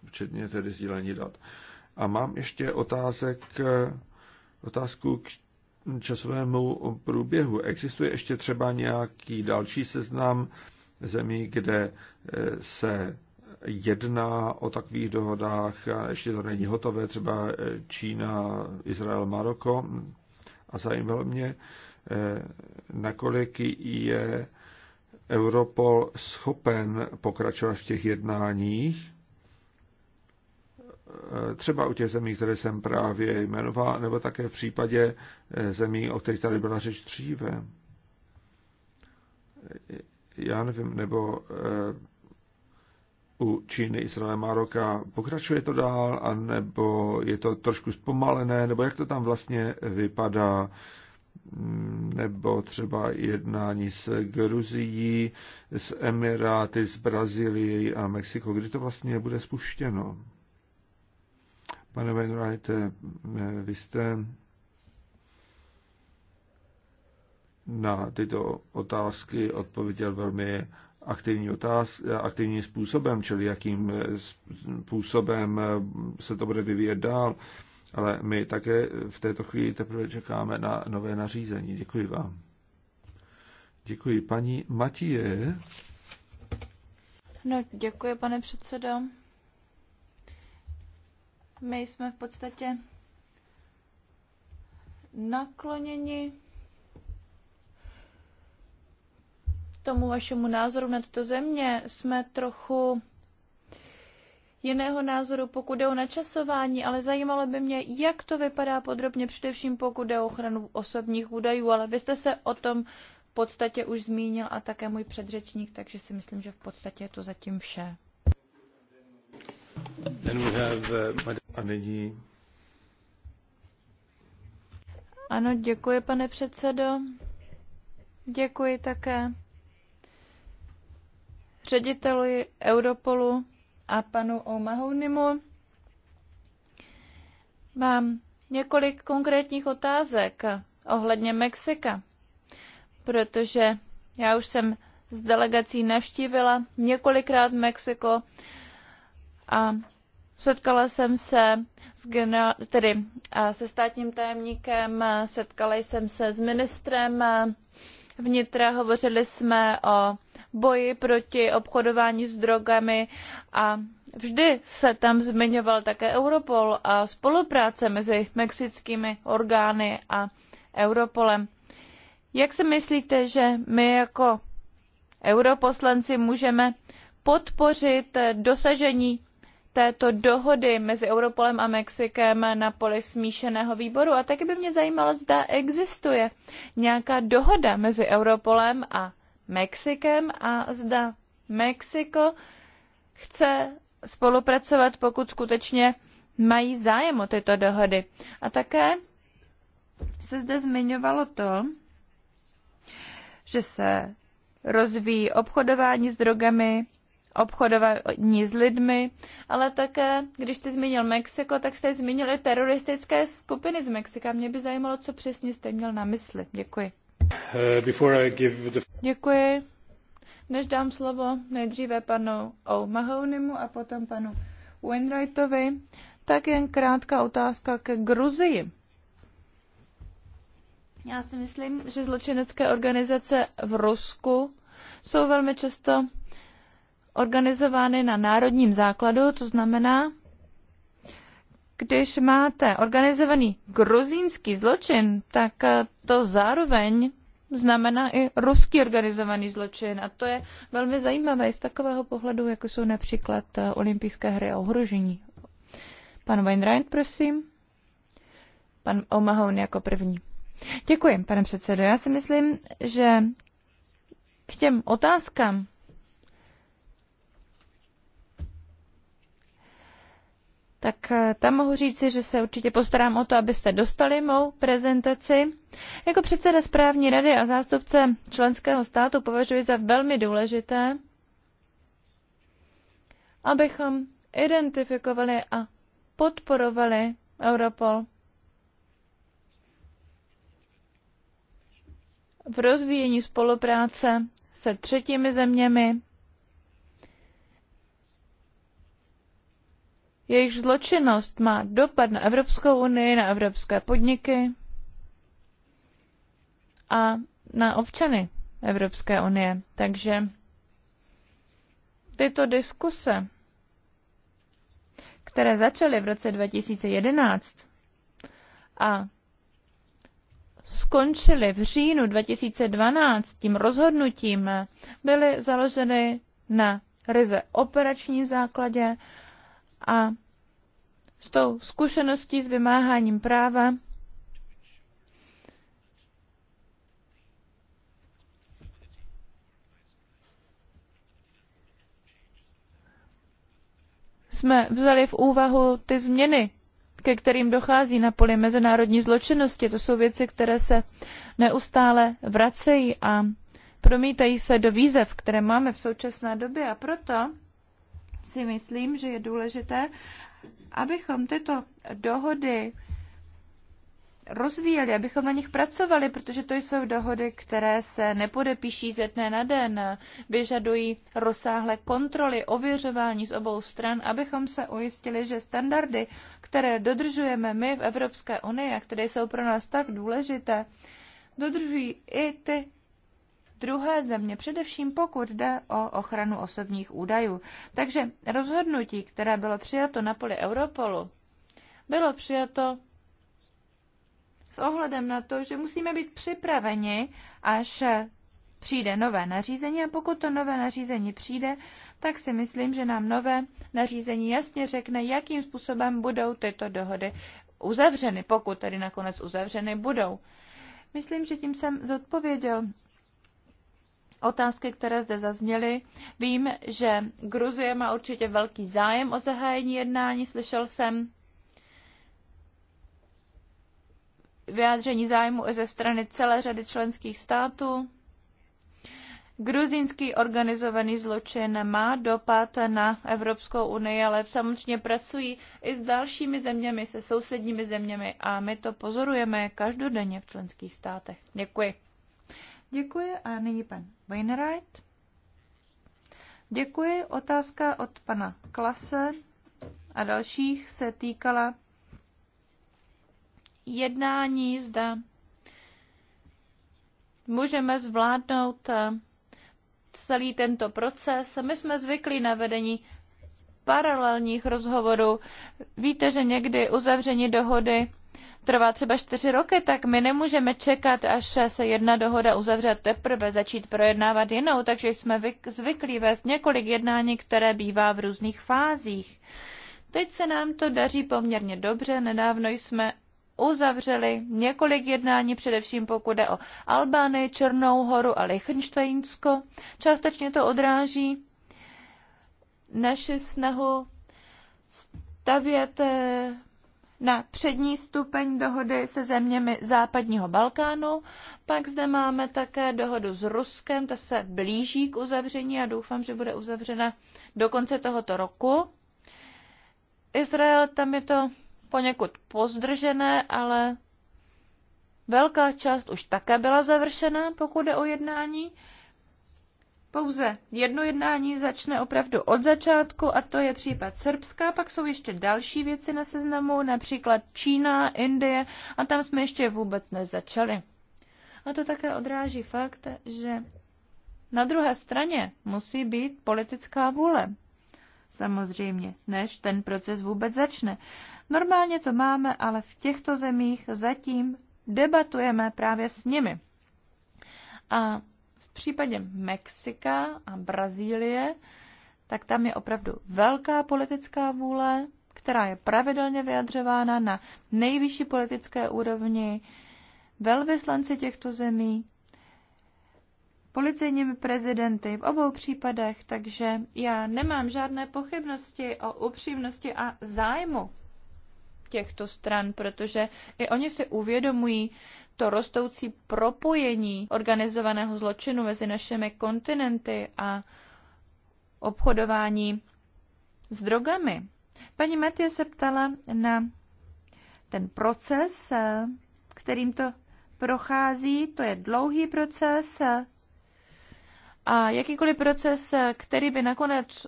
včetně tedy sdílení dat. A mám ještě otázek, otázku k časovému průběhu. Existuje ještě třeba nějaký další seznam zemí, kde eh, se jedná o takových dohodách a ještě to není hotové, třeba eh, Čína, Izrael, Maroko. A zajímalo mě, eh, nakolik je Europol schopen pokračovat v těch jednáních Eh, třeba u těch zemí, které jsem právě jmenoval, nebo také v případě eh, zemí, o kterých tady byla řeč dříve. Eh, já nevím, nebo u Číny, Izraele, Maroka, pokračuje to dál, anebo je to trošku zpomalené, nebo jak to tam vlastně vypadá, mm, nebo třeba jednání s Gruzií, s Emiráty, s Brazílií a Mexiko, kdy to vlastně bude spuštěno. Pane Wainwright, eh, vy jste na tyto otázky odpověděl velmi aktivní otáz, eh, aktivním způsobem, čili jakým eh, způsobem se to bude vyvíjet dál. Ale my také v této chvíli teprve čekáme na nové nařízení. Děkuji vám. Děkuji. Paní Matěje. No, děkuji, pane předsedo. My jsme v podstatě nakloněni tomu vašemu názoru na tuto země. Jsme trochu jiného názoru, pokud jde o načasování, ale zajímalo by mě, jak to vypadá podrobně, především pokud jde o ochranu osobních údajů, ale vy jste se o tom v podstatě už zmínil a také můj předřečník, takže si myslím, že v podstatě je to zatím vše. Uh, ano, děkuji, pane předsedo. Děkuji také řediteli Europolu a panu Omahounimu. Mám několik konkrétních otázek ohledně Mexika, protože já už jsem s delegací navštívila několikrát Mexiko a setkala jsem se s generál, tedy se státním tajemníkem, setkala jsem se s ministrem vnitra, hovořili jsme o boji proti obchodování s drogami a vždy se tam zmiňoval také Europol a spolupráce mezi mexickými orgány a Europolem. Jak si myslíte, že my jako europoslanci můžeme podpořit dosažení této dohody mezi Europolem a Mexikem na poli smíšeného výboru. A taky by mě zajímalo, zda existuje nějaká dohoda mezi Europolem a Mexikem a zda Mexiko chce spolupracovat, pokud skutečně mají zájem o tyto dohody. A také se zde zmiňovalo to, že se rozvíjí obchodování s drogami, obchodování s lidmi, ale také, když jste zmínil Mexiko, tak jste zmínili teroristické skupiny z Mexika. Mě by zajímalo, co přesně jste měl na mysli. Děkuji. Uh, the... Děkuji. Než dám slovo nejdříve panu O'Mahonymu a potom panu Wainwrightovi, tak jen krátká otázka ke Gruzii. Já si myslím, že zločinecké organizace v Rusku jsou velmi často organizovány na národním základu, to znamená, když máte organizovaný gruzínský zločin, tak eh, to zároveň znamená i ruský organizovaný zločin. A to je velmi zajímavé z takového pohledu, jako jsou například eh, olympijské hry a ohrožení. Pan Weinreich, prosím. Pan O'Mahon jako první. Děkuji, pane předsedo. Já si myslím, že k těm otázkám, tak eh, tam mohu říci, že se určitě postarám o to, abyste dostali mou prezentaci. Jako předseda správní rady a zástupce členského státu považuji za velmi důležité, abychom identifikovali a podporovali Europol v rozvíjení spolupráce se třetími zeměmi jejichž zločinnost má dopad na Evropskou unii, na evropské podniky a na občany Evropské unie. Takže tyto diskuse, které začaly v roce 2011 a skončily v říjnu 2012 tím rozhodnutím, byly založeny na ryze operační základě a s tou zkušeností s vymáháním práva jsme vzali v úvahu ty změny, ke kterým dochází na poli mezinárodní zločinnosti. To jsou věci, které se neustále vracejí a promítají se do výzev, které máme v současné době. A proto si myslím, že je důležité, abychom tyto dohody rozvíjeli, abychom na nich pracovali, protože to jsou dohody, které se nepodepíší ze dne na den, vyžadují rozsáhlé kontroly, ověřování z obou stran, abychom se ujistili, že standardy, které dodržujeme my v Evropské unii a které jsou pro nás tak důležité, dodržují i ty druhé země, především pokud jde o ochranu osobních údajů. Takže rozhodnutí, které bylo přijato na poli Europolu, bylo přijato s ohledem na to, že musíme být připraveni, až přijde nové nařízení a pokud to nové nařízení přijde, tak si myslím, že nám nové nařízení jasně řekne, jakým způsobem budou tyto dohody uzavřeny, pokud tedy nakonec uzavřeny budou. Myslím, že tím jsem zodpověděl otázky, které zde zazněly. Vím, že Gruzie má určitě velký zájem o zahájení jednání, slyšel jsem vyjádření zájmu i ze strany celé řady členských států. Gruzínský organizovaný zločin má dopad na Evropskou unii, ale samozřejmě pracují i s dalšími zeměmi, se sousedními zeměmi a my to pozorujeme každodenně v členských státech. Děkuji. Děkuji a nyní pan Wainwright. Děkuji. Otázka od pana Klase a dalších se týkala jednání, zda můžeme zvládnout eh, celý tento proces. My jsme zvyklí na vedení paralelních rozhovorů. Víte, že někdy uzavření dohody trvá třeba čtyři roky, tak my nemůžeme čekat, až se jedna dohoda uzavře a teprve začít projednávat jinou, takže jsme zvyklí vést několik jednání, které bývá v různých fázích. Teď se nám to daří poměrně dobře, nedávno jsme uzavřeli několik jednání, především pokud jde o Albány, Černou horu a Lichtensteinsko. Částečně to odráží naši snahu stavět eh, na přední stupeň dohody se zeměmi západního Balkánu. Pak zde máme také dohodu s Ruskem, ta se blíží k uzavření a doufám, že bude uzavřena do konce tohoto roku. Izrael, tam je to poněkud pozdržené, ale velká část už také byla završena, pokud je o jednání pouze jedno jednání začne opravdu od začátku a to je případ Srbska, pak jsou ještě další věci na seznamu, například Čína, Indie a tam jsme ještě vůbec nezačali. A to také odráží fakt, že na druhé straně musí být politická vůle. Samozřejmě, než ten proces vůbec začne. Normálně to máme, ale v těchto zemích zatím debatujeme právě s nimi. A případě Mexika a Brazílie, tak tam je opravdu velká politická vůle, která je pravidelně vyjadřována na nejvyšší politické úrovni velvyslanci těchto zemí, policejními prezidenty v obou případech, takže já nemám žádné pochybnosti o upřímnosti a zájmu těchto stran, protože i oni si uvědomují, to rostoucí propojení organizovaného zločinu mezi našimi kontinenty a obchodování s drogami. Paní Matě se ptala na ten proces, kterým to prochází. To je dlouhý proces a jakýkoliv proces, který by nakonec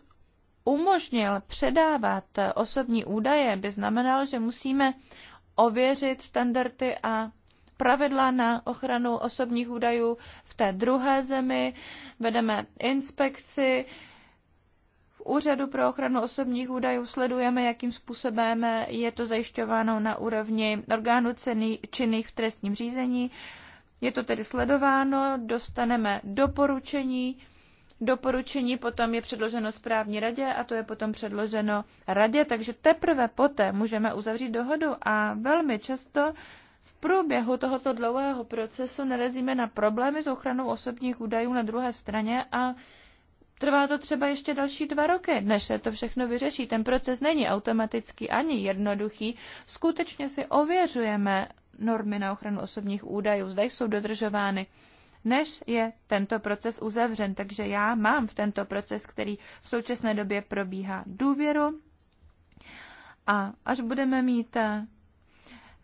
umožnil předávat osobní údaje, by znamenal, že musíme ověřit standardy a pravidla na ochranu osobních údajů v té druhé zemi, vedeme inspekci, Úřadu pro ochranu osobních údajů sledujeme, jakým způsobem je to zajišťováno na úrovni orgánů činných v trestním řízení. Je to tedy sledováno, dostaneme doporučení, doporučení potom je předloženo správní radě a to je potom předloženo radě, takže teprve poté můžeme uzavřít dohodu a velmi často v průběhu tohoto dlouhého procesu narazíme na problémy s ochranou osobních údajů na druhé straně a Trvá to třeba ještě další dva roky, než se to všechno vyřeší. Ten proces není automatický ani jednoduchý. Skutečně si ověřujeme normy na ochranu osobních údajů, zda jsou dodržovány, než je tento proces uzavřen. Takže já mám v tento proces, který v současné době probíhá důvěru. A až budeme mít eh,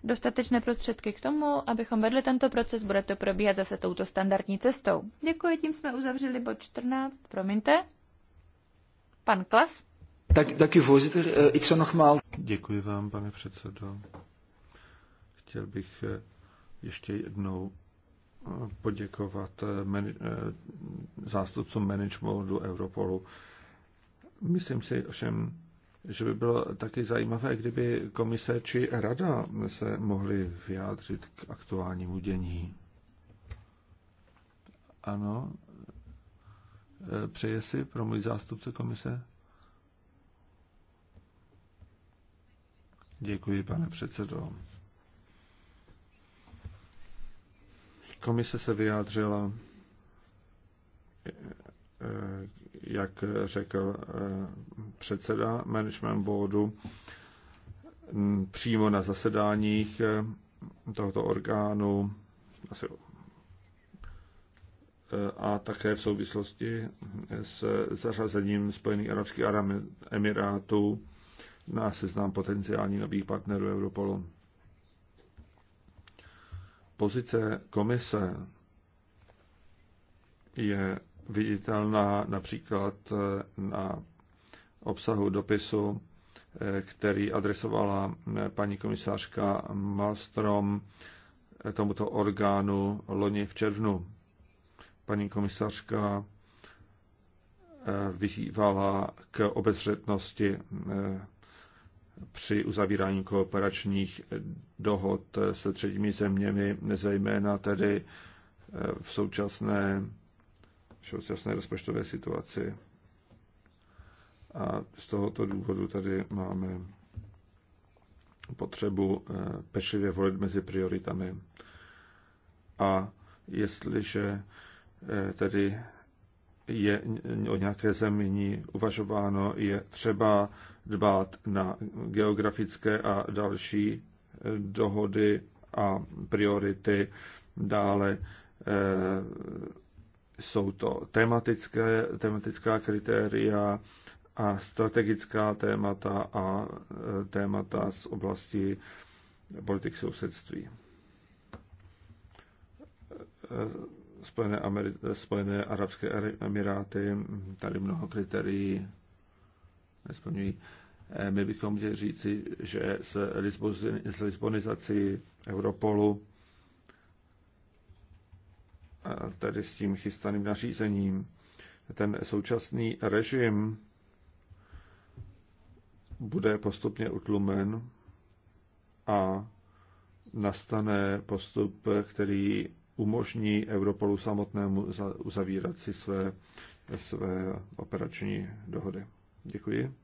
dostatečné prostředky k tomu, abychom vedli tento proces, bude to probíhat zase touto standardní cestou. Děkuji, tím jsme uzavřeli bod 14, promiňte. Pan Klas. Tak, taky voziter, ik zou Děkuji vám, pane předsedo. Chtěl bych eh, ještě jednou eh, poděkovat eh, zástupcům managementu Europolu. Myslím si že že by bylo taky zajímavé, kdyby komise či rada se mohly vyjádřit k aktuálnímu dění. Ano. E, přeje si pro můj zástupce komise? Děkuji, pane předsedo. Komise se vyjádřila e, e, jak řekl eh, předseda management boardu, mm, přímo na zasedáních eh, tohoto orgánu asi eh, a také v souvislosti s zařazením Spojených arabských emirátů na seznam potenciální nových partnerů Europolu. Pozice komise je viditelná například eh, na obsahu dopisu, eh, který adresovala eh, paní komisářka Malstrom tomuto orgánu loni v červnu. Paní komisařka vyzývala k obezřetnosti při uzavírání kooperačních dohod se třetími zeměmi, nezejména tedy v současné současné rozpočtové situaci. A z tohoto důvodu tady máme potřebu eh, pečlivě volit mezi prioritami. A jestliže eh, tedy je o nějaké zemi uvažováno, je třeba dbát na geografické a další eh, dohody a priority, dále jsou to tematické, tematická kritéria a strategická témata a e, témata z oblasti politik sousedství. E, e, Spojené, Ameri- Spojené Arabské Emiráty, tady mnoho kritérií nesplňují. My bychom chtěli říci, že s, Lisbonizací Europolu tedy s tím chystaným nařízením. Ten současný režim bude postupně utlumen a nastane postup, který umožní Europolu samotnému uzavírat si své, své operační dohody. Děkuji.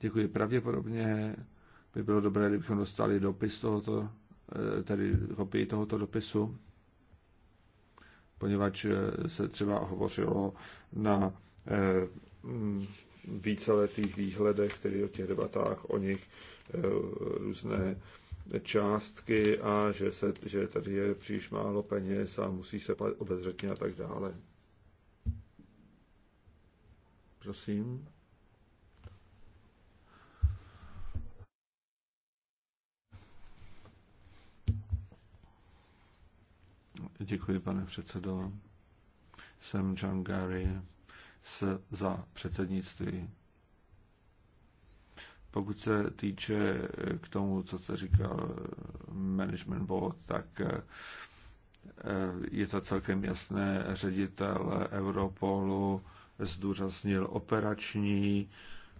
Děkuji. Pravděpodobně by bylo dobré, kdybychom dostali dopis tohoto, eh, tedy kopii tohoto dopisu poněvadž eh, se třeba hovořilo na eh, mm, víceletých výhledech, tedy o těch debatách, o nich eh, různé částky a že, se, že tady je příliš málo peněz a musí se obezřetně a tak dále. Prosím. Děkuji, pane předsedo. Jsem John Gary za předsednictví. Pokud se týče k tomu, co jste říkal, management board, tak eh, je to celkem jasné. Ředitel Europolu zdůraznil operační,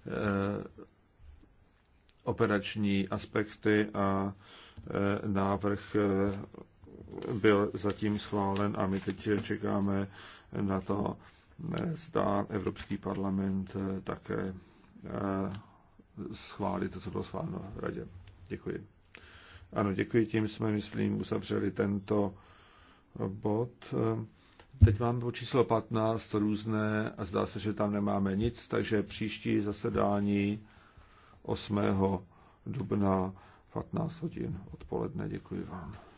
eh, operační aspekty a eh, návrh byl zatím schválen a my teď čekáme na to, zda Evropský parlament eh, také eh, schválí to, co bylo schváleno v radě. Děkuji. Ano, děkuji. Tím jsme, myslím, uzavřeli tento bod. Teď máme po číslo 15, různé, a zdá se, že tam nemáme nic, takže příští zasedání 8. dubna 15 hodin odpoledne. Děkuji vám.